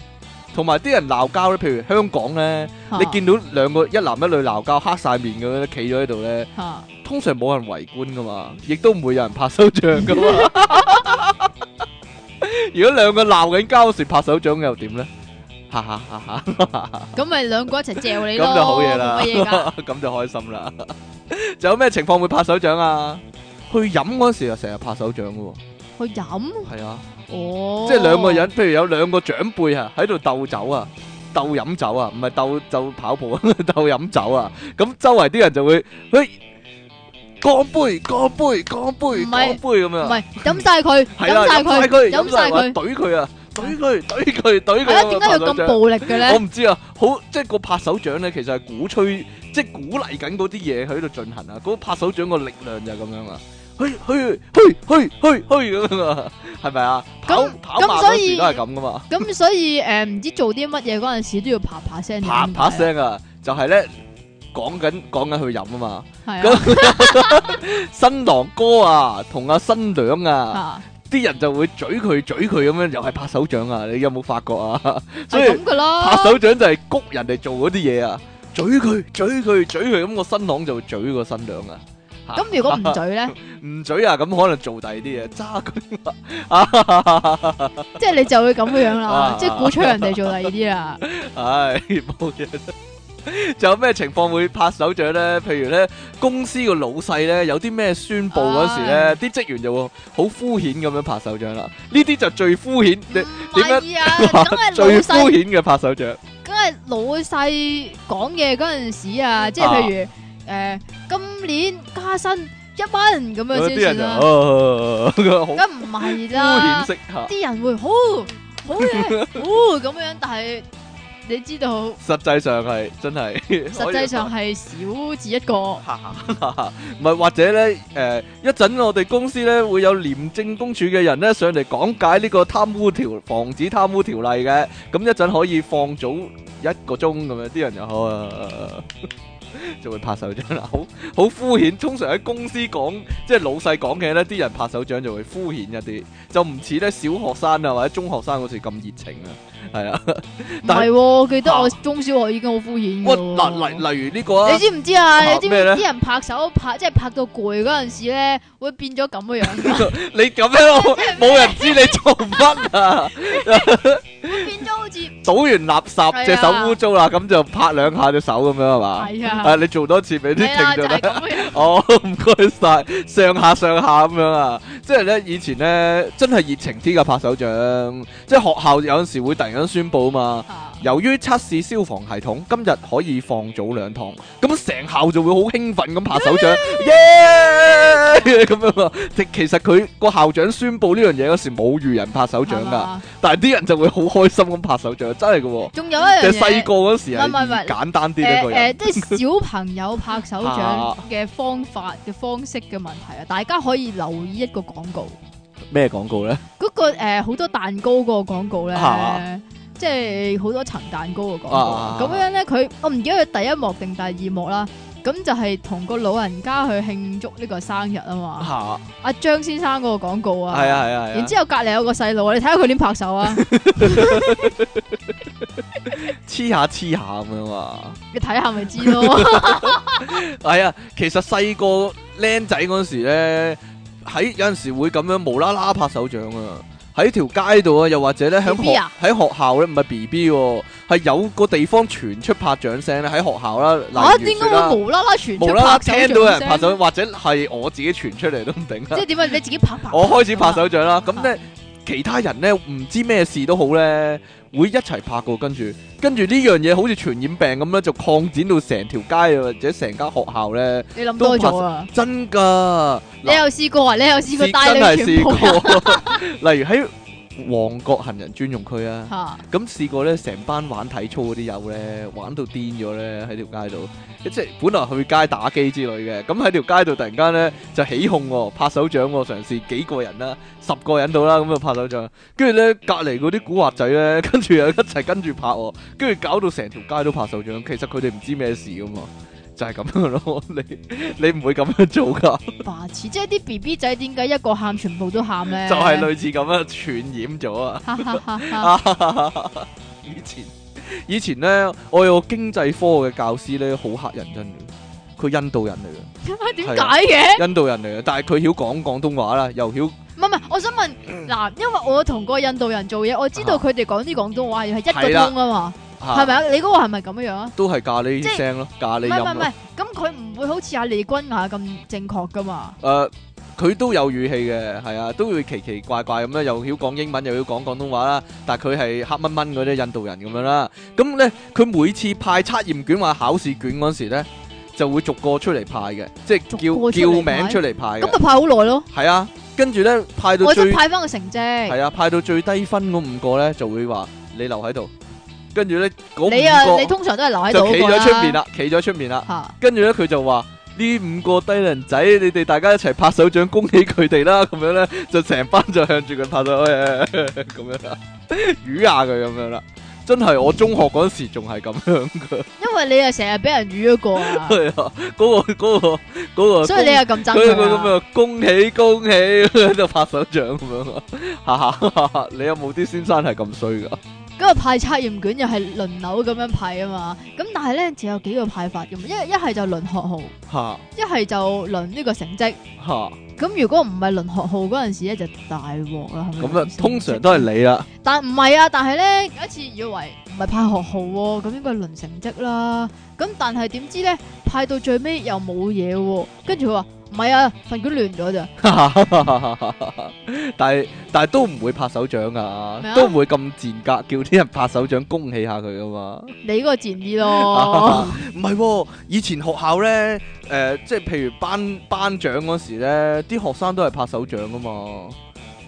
同埋啲人鬧交咧，譬如香港咧， 你見到兩個一男一女鬧交黑晒面咁樣企咗喺度咧， 通常冇人圍觀噶嘛，亦都唔會有人拍手掌噶嘛。 如果兩個鬧緊交時拍手掌又點咧？哈哈哈哈哈！咁
咪兩個一齊嚼你咯，咁就好嘢啦，乜嘢噶？
咁就開心啦。仲有咩情況會拍手掌啊？去飲嗰時又成日拍手掌噶喎。
去飲？係啊。哦。即係兩個
人，譬如有兩個長輩啊，喺度鬥酒啊，鬥飲酒啊，唔係鬥就跑步，鬥飲酒啊。咁周圍啲人就會，喂。乾杯，乾杯，乾杯，乾杯，咁樣，唔係
飲晒佢，係啦，飲晒佢，飲晒佢，懟
佢啊，懟佢，懟佢，懟佢，啊，點解要咁暴力嘅咧？我唔知啊，好，即係個拍手掌咧，其實係鼓吹，即係鼓勵緊嗰啲嘢喺度進行啊。嗰個拍手掌個力量就咁樣啦，去去去去去去咁啊，係咪啊？跑跑馬嗰時都係咁噶嘛。
咁所以誒，唔知做啲乜嘢嗰陣時都要啪啪聲，啪啪聲
啊，就係咧。講緊講緊去飲啊嘛，咁新郎哥啊同阿新娘啊，啲人就會嘴佢嘴佢咁樣，又係拍手掌啊！你有冇發覺啊？係咁噶咯，拍手掌就係谷人哋做嗰啲嘢啊，嘴佢嘴佢嘴佢咁，個新郎就嘴個新娘啊！咁如果唔嘴咧，唔嘴啊，咁可能做第二啲嘢揸佢啊，
即係你就會咁嘅樣啦，即係鼓吹人哋做第二啲啊，
唉冇嘢。仲 有咩情況會拍手掌咧？譬如咧，公司個老細咧有啲咩宣布嗰時咧，啲職、uh, 員就會好敷衍咁樣拍手掌啦。呢啲就最敷衍，啊、你點樣拍？最敷衍嘅拍手掌，
梗係老細講嘢嗰陣時啊，即係譬如誒、呃，今年加薪一蚊咁樣先算啦。
咁唔
係啦，敷衍式啲人會好好嘅，咁 樣，但係。你知道，
實際上係真係，實際上
係小子一個。
唔係 或者咧，誒一陣我哋公司咧會有廉政公署嘅人咧上嚟講解呢個貪污條防止貪污條例嘅。咁一陣可以放早一個鐘咁樣，啲人就又就 會拍手掌啦。好好敷衍。通常喺公司講，即係老細講嘅咧，啲人拍手掌就會敷衍一啲，就唔似咧小學生啊或者中學生嗰時咁熱情啊。係啊，
但係，我記得我中小學已經好敷衍
嘅。嗱，例例如呢個啊，你知唔知啊？你知唔知啲人
拍手拍，即係拍到攰嗰陣時咧，會變咗咁嘅樣。
你咁樣，冇人知你做乜啊？會變咗好似倒完垃圾隻手污糟啦，咁就拍兩下隻手咁樣係嘛？係啊，你做多次俾啲停就得。哦，唔該晒，上下上下咁樣啊。即係咧，以前咧真係熱情啲嘅拍手掌，即係學校有陣時會突啱宣布啊嘛！啊由於測試消防系統，今日可以放早兩堂，咁成校就會好興奮咁拍手掌，耶咁耶 樣啊！其實佢個校長宣布呢樣嘢嗰時冇預人拍手掌噶，嗎但係啲人就會好開心咁拍手掌，真係噶喎！
仲有一樣，細個
嗰時係簡單啲一個人，誒即係
小朋友拍手掌嘅方法嘅、啊、方式嘅問題啊！大家可以留意一個廣告。
咩廣告咧？
嗰、那個誒好、呃、多蛋糕個廣告咧，啊、即係好多層蛋糕個廣告。咁、啊、樣咧，佢我唔記得佢第一幕定第二幕啦。咁就係同個老人家去慶祝呢個生日啊嘛。阿張、啊啊、先生嗰個廣告啊，係啊係啊。啊啊然後之後隔籬有個細路，你睇下佢點拍手啊，
黐下黐下咁啊嘛。你睇下咪知咯。係啊，其實細個僆仔嗰時咧。喺有陣時會咁樣無啦啦拍手掌啊！喺條街度啊，又或者咧響學喺、啊、學校咧，唔係 B B，係有個地方傳出拍掌聲咧喺學校啦。啊！點解會無啦
啦傳出？無啦啦聽到有人拍手
掌聲， 或者係我自己傳出嚟都唔定、啊。即係點解
你自己拍拍，拍掌、啊。 我開始拍
手掌啦、啊。咁即其他人咧唔知咩事都好咧，會一齊拍過，跟住跟住呢樣嘢，好似傳染病咁咧，就擴展到成條街或者成間學校咧。你諗多咗啊！真㗎，
你有試過啊？你有試過帶你全部
人？過 例如喺。 旺角行人專用區啊，咁試過呢成班玩體操嗰啲友呢，玩到癲咗呢，喺條街度，即係本來去街打機之類嘅，咁喺條街度突然間呢，就起哄喎，拍手掌喎，嘗試幾個人啦，十個人到啦，咁就拍手掌，跟住呢隔離嗰啲古惑仔呢，跟住又一齊跟住拍喎，跟住搞到成條街都拍手掌，其實佢哋唔知咩事咁嘛。就係咁樣咯， 你你唔會咁樣做㗎。
白痴，即係啲 B B 仔點解一個喊全部都喊咧？就係類
似咁樣傳染咗啊！ 以前以前咧，我有個經濟科嘅教師咧，好黑人憎嘅，佢印度人嚟
嘅。點解嘅？印
度人嚟嘅，但係佢曉講廣東話啦，又曉
唔係唔係？我想問嗱，嗯、因為我同個印度人做嘢，我知道佢哋講啲廣東話係一個通啊嘛。係咪啊？你嗰個係咪咁樣樣啊？
都係咖喱聲咯，即咖喱音唔唔唔唔。唔唔
唔，咁佢唔會好似阿李君雅咁正確噶嘛？
誒、呃，佢都有語氣嘅，係啊，都會奇奇怪怪咁咧，又要講英文，又要講廣東話啦。但係佢係黑蚊蚊嗰啲印度人咁樣啦。咁咧，佢每次派測驗卷或考試卷嗰時咧，就會逐個出嚟派嘅，即係叫叫名出嚟派。咁就派好耐咯。係啊，跟住咧派到最我派
翻個成績。係
啊，派到最低分嗰五個咧，就會話你留喺度。跟住咧，你啊，你通
常都係留喺度，嗰五個就企喺出面啦，
企喺出面啦。跟住咧，佢就話：呢五個低能仔，你哋大家一齊拍手掌，恭喜佢哋啦！咁樣咧，就成班就向住佢拍咗，咁樣啦，魚下佢咁樣啦。真係我中學嗰時仲係咁樣噶。
因為你又成日俾人魚一個啊。
係啊，嗰個嗰個嗰個。所以你又咁真噶。所以佢咁啊，恭喜恭喜，喺度拍手掌咁樣啊，哈哈！你有冇啲先生係咁衰噶？
因為派測驗卷又係輪流咁樣派啊嘛，咁但係咧，只有幾個派法嘅，一一係就輪學號，一係哈 就輪呢個成績。咁哈 如果唔係輪學號嗰陣時咧，就大鑊啦。咁這樣係咪
通常都係你啦？
但唔係啊，但係咧有一次以為唔係派學號喎、啊，咁應該係輪成績啦。咁但係點知咧，派到最尾又冇嘢、啊，跟住佢話。唔係啊，份卷亂咗咋？
但係但係都唔會拍手掌啊，都唔會咁賤格，叫啲人拍手掌恭喜下佢噶嘛？
你嗰個賤啲咯？
唔係，以前學校咧，誒、呃，即係譬如班班長嗰時咧，啲學生都係拍手掌噶嘛？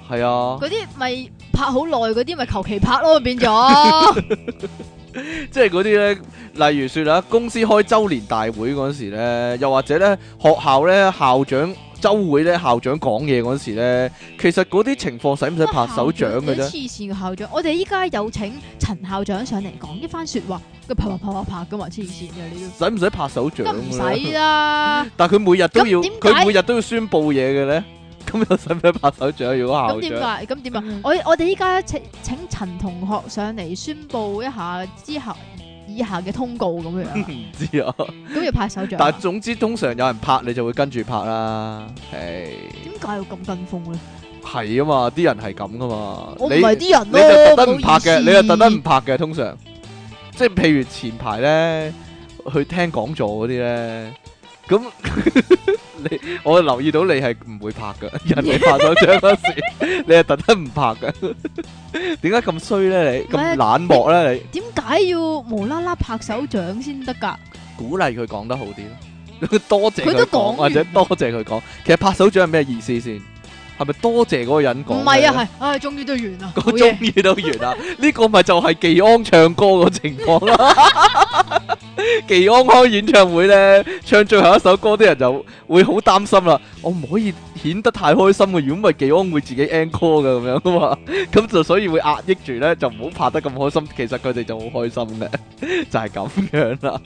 係啊。嗰
啲咪拍好耐，嗰啲咪求其拍咯，變咗。
即係嗰啲咧，例如說啦，公司開周年大會嗰時咧，又或者咧，學校咧校長周會咧，校長講嘢嗰時咧，其實嗰啲情況使唔使拍手掌嘅啫？黐
線嘅校長，我哋依家有請陳校長上嚟講一番說話，佢啪啪啪啪嘅嘛，黐線嘅，你
使唔使拍手掌？咁唔使啦。 但佢每日都要，佢每日都要宣布嘢嘅咧。咁又使咩拍手掌？如果校咁點解？
咁點啊？我我哋依家請請陳同學上嚟宣佈一下之後以下嘅通告咁樣。唔
知啊， 都要拍手掌。但係總之通常有人拍你就會跟住拍啦。係。點
解要咁跟風咧？
係啊嘛，啲人係咁噶嘛。我唔係啲人咯。你，你就特登唔拍嘅，你又特登唔拍嘅。通常即係譬如前排咧，去聽講座嗰啲咧。咁這 你我留意到你係唔會拍噶，人哋拍手掌嗰時，你係特登唔拍噶？點解咁衰咧？你咁冷漠咧？你
點解要無啦啦拍手掌先得噶？
鼓勵佢講得好啲咯，多謝佢講，佢都講，或者多謝佢講。其實拍手掌係咩意思先？係咪多謝嗰個人講？唔係啊，係，唉，
終於都完啦，好嘢，那個！
個終於都完啦，呢沒事 個咪就係紀安唱歌個情況啦。紀 安開演唱會咧，唱最後一首歌，啲人就會好擔心啦。我唔可以顯得太開心嘅，如果唔係，紀安會自己 a n call 嘅咁樣噶嘛。咁 就所以會壓抑住咧，就唔好拍得咁開心。其實佢哋就好開心嘅， 就係咁樣啦。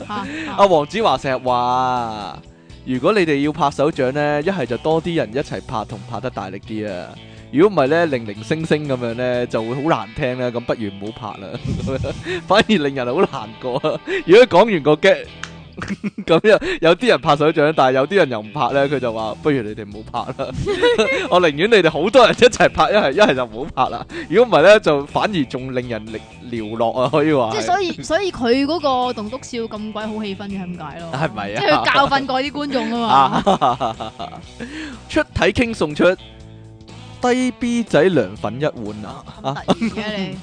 阿黃、啊啊、子華成日話。如果你哋要拍手掌呢，一係就多啲人一齊拍，同拍得大力啲啊！如果唔係呢，零零星星咁樣呢，就會好難聽啦。咁不如唔好拍啦， 反而令人好難過。 如果講完個嘅。咁 有有啲人拍手掌，但係有啲人又唔拍咧，佢就話不如你哋唔好拍啦。 我寧願你哋好多人一齊拍，一係一係就唔好拍啦。如果唔係咧，就反而仲令人力寥落啊，可以話。即係所以，
所以佢嗰個棟篤笑咁鬼好氣氛嘅，係點解咯？
係咪啊？即係佢教
訓過啲觀眾啊嘛。
出體 King 送出低 B 仔涼粉一碗啊！唔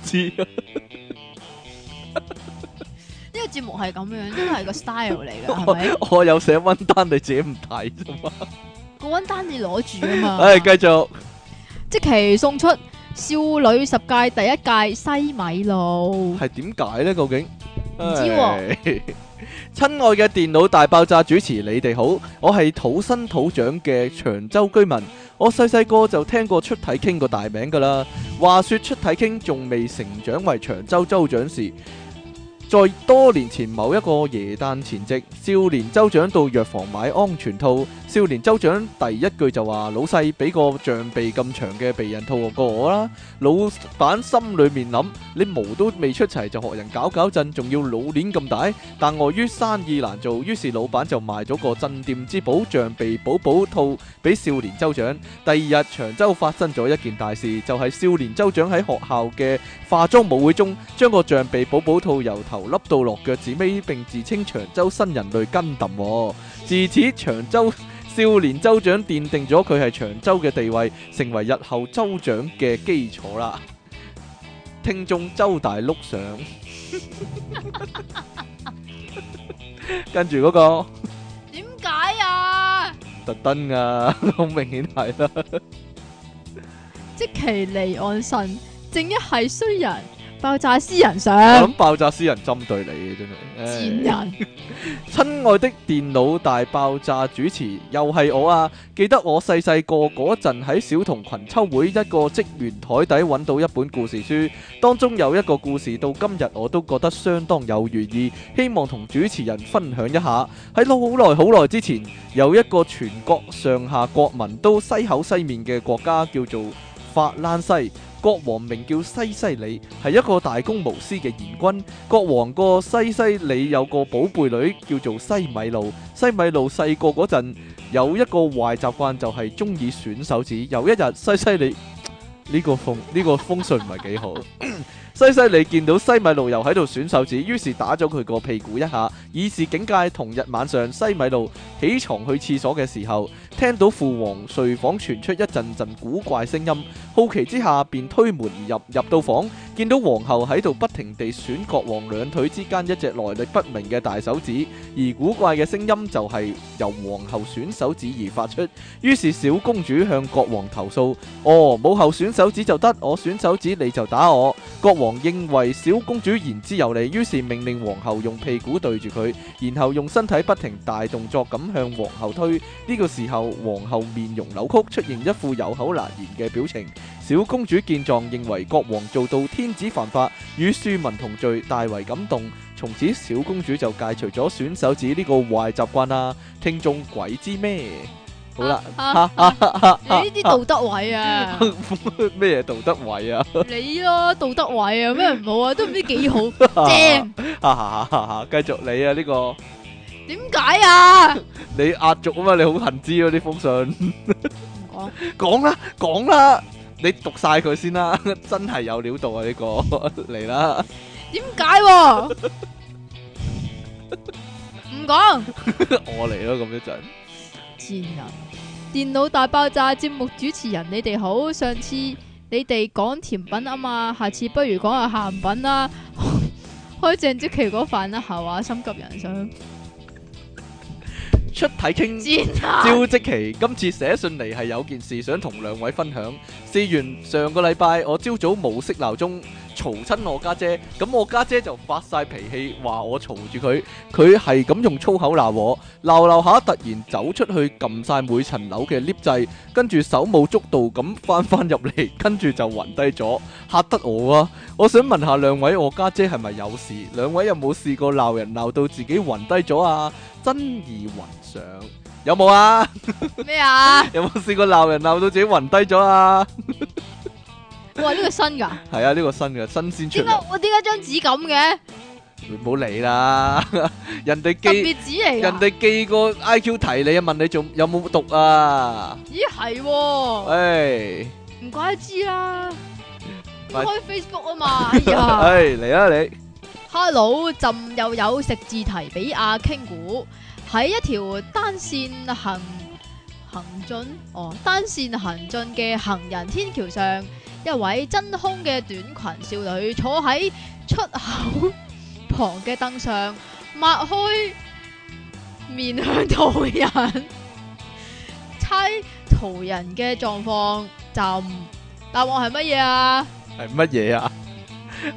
知道
呢個節目係咁樣，因為係個 style 嚟
嘅，係咪？我有寫溫單你自己唔睇啫嘛？
個溫單你攞住啊嘛！哎，繼續，即期送出少女十屆第一屆西米露，
係點解呢？究竟唔知？親愛嘅電腦大爆炸主持，你哋好，我係土生土長嘅長洲居民，我細細個就聽過出體傾個大名噶啦。話說出體傾仲未成長為長洲州長時。在多年前某一個耶誕前夕，少年州長到藥房買安全套。少年州長第一句就話：老細俾個象鼻咁長嘅避孕套過我啦。老闆心裏面諗：你毛都未出齊就學人搞搞震，仲要老臉咁大？但礙於生意難做，於是老闆就賣咗個鎮店之寶象鼻寶寶套俾少年州長。第二日長洲發生咗一件大事，就係、是、少年州長喺學校嘅化妝舞會中，將個象鼻寶寶套由頭頭笠到落腳趾尾，並自稱長洲新人類根抌。自此，長洲少年州長奠定咗佢係長洲嘅地位，成為日後州長嘅基礎啦。聽眾周大碌上，跟住嗰個
點解啊？
特登啊，好明顯係啦。
積淇離岸神正一係衰人。爆炸私人相，咁
爆炸私人針對你嘅真係賤、哎、人。親 愛的電腦大爆炸主持又係我啊！記得我細細個嗰陣喺小童群秋會一個職員台底揾到一本故事書，當中有一個故事到今日我都覺得相當有寓意，希望同主持人分享一下。喺好耐好耐之前，有一個全國上下國民都西口西面嘅國家叫做法蘭西。國王名叫西西里，係一個大公無私嘅賢君。國王個西西里有個寶貝女叫做西米露。西米露細個嗰陣有一個壞習慣，就係中意吮手指。有一日，西西里呢、這個風呢、這個風水唔係幾好。 西西里見到西米露又喺度吮手指，於是打咗佢個屁股一下，以示警戒。同日晚上，西米露起床去廁所嘅時候，聽到父王睡房傳出一陣陣古怪聲音，好奇之下便推門而入，入到房。見到皇后喺度不停地選國王兩腿之間一隻來歷不明嘅大手指，而古怪嘅聲音就係由皇后選手指而發出。於是小公主向國王投訴：哦，母后選手指就得，我選手指你就打我。國王認為小公主言之有理，於是命令皇后用屁股對住佢，然後用身體不停大動作咁向皇后推。呢、這個時候，皇后面容扭曲，出現一副有口難言嘅表情。小公主見狀，認為國王做到天子犯法與庶民同罪，大為感動。從此，小公主就戒除咗吮手指呢個壞習慣啦。聽眾鬼知咩？好啦，呢啲道德位啊，咩嘢道德位啊？
你咯，道德位啊，咩唔好啊？都唔知幾好
正。繼續你啊，呢個
點解啊？
你壓軸啊嘛，你好恨知啊？呢封信講講啦，講啦。你讀晒佢先啦，真係有料到啊！呢個嚟啦，
點解？唔講，
我嚟咯，咁一陣。
賤人、啊，電腦大爆炸節目主持人，你哋好。上次你哋講甜品啊嘛，下次不如講下咸品啦， 開正積淇嗰飯啦，係話，心急人想。
出體 King，積淇，今次寫信嚟係有件事想同兩位分享。事緣上個禮拜我朝早冇 set 鬧鐘。嘈親我家姐，咁我家姐就發曬脾氣，話我嘈住佢。佢係咁用粗口鬧我，鬧鬧下突然走出去撳曬每層樓嘅 lift 掣，跟住手舞足蹈咁翻翻入嚟，跟住就暈低咗，嚇得我啊！我想問下兩位，我家姐係咪有事？兩位有冇試過鬧人鬧到自己暈低咗啊？真以為想有冇啊？
咩啊？
有冇試過鬧人鬧到自己暈低咗啊？
我呢個新噶，係啊，新新
鮮呢個新嘅新鮮出嚟。我
點解張紙咁嘅？
唔好理啦，人哋寄特別紙嚟，人哋寄個 I Q 提你一問你仲有冇讀啊？
咦，係、啊，誒、哎，唔怪得之啦，
哎、開
Facebook 啊嘛，哎呀，
嚟啦、 哎啊、你
，Hello，朕又有，有食字題俾阿 King 估喺一條單線行行進哦，單線行進嘅行人天橋上。一位真空嘅短裙少女坐喺出口旁嘅凳上，抹開面向途人， 猜途人嘅狀況，就答案係乜嘢啊？
係乜嘢啊？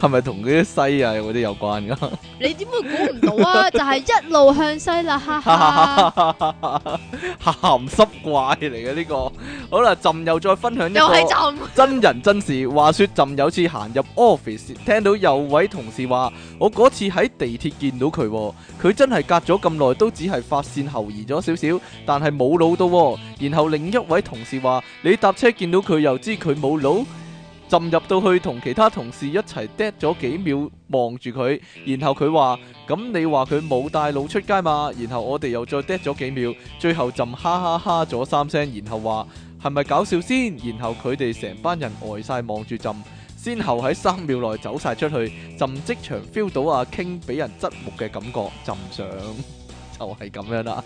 係咪同嗰啲西啊嗰啲有關噶？
你點會估唔到啊？就係一路向西啦，吓！
鹹濕怪嚟嘅呢個。好啦，朕又再分享又係朕，真人真事。 話說朕有次行入 office，聽到有位同事話：我嗰次喺地鐵見到佢，佢真係隔咗咁耐都只係髮線後移咗少少，但係冇腦到。然後另一位同事話：你搭車見到佢，又知佢冇腦。浸入到去同其他同事一齊 dead 咗幾秒，望住佢，然後佢話：咁你話佢冇帶腦出街嘛？然後我哋又再 dead 咗幾秒，最後浸哈哈哈咗三聲，然後話係咪搞笑先？然後佢哋成班人呆晒望住浸，先後喺三秒內走晒出去，浸即場 feel 到阿 King 俾人側目嘅感覺，浸上。就係咁樣啦。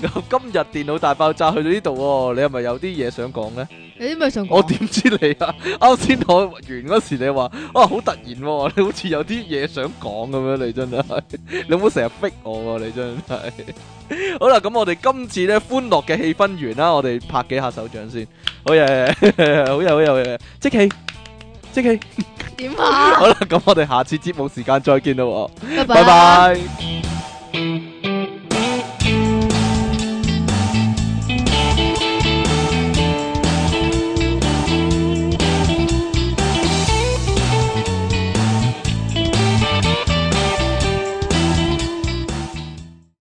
今日電腦大爆炸去到呢度，你係咪有啲嘢想講咧？你啲咪想講？我點知你啊？啱先開完嗰時，你話啊好突然，你好似有啲嘢想講咁樣，你真係，你唔好成日逼我喎，你真係。好啦，咁我哋今次咧歡樂嘅氣氛完啦，我哋拍幾下手掌先。好嘢，好有好有嘢，積淇，積淇。點啊？好啦，咁我哋下次節目時間再見喇喎。拜拜。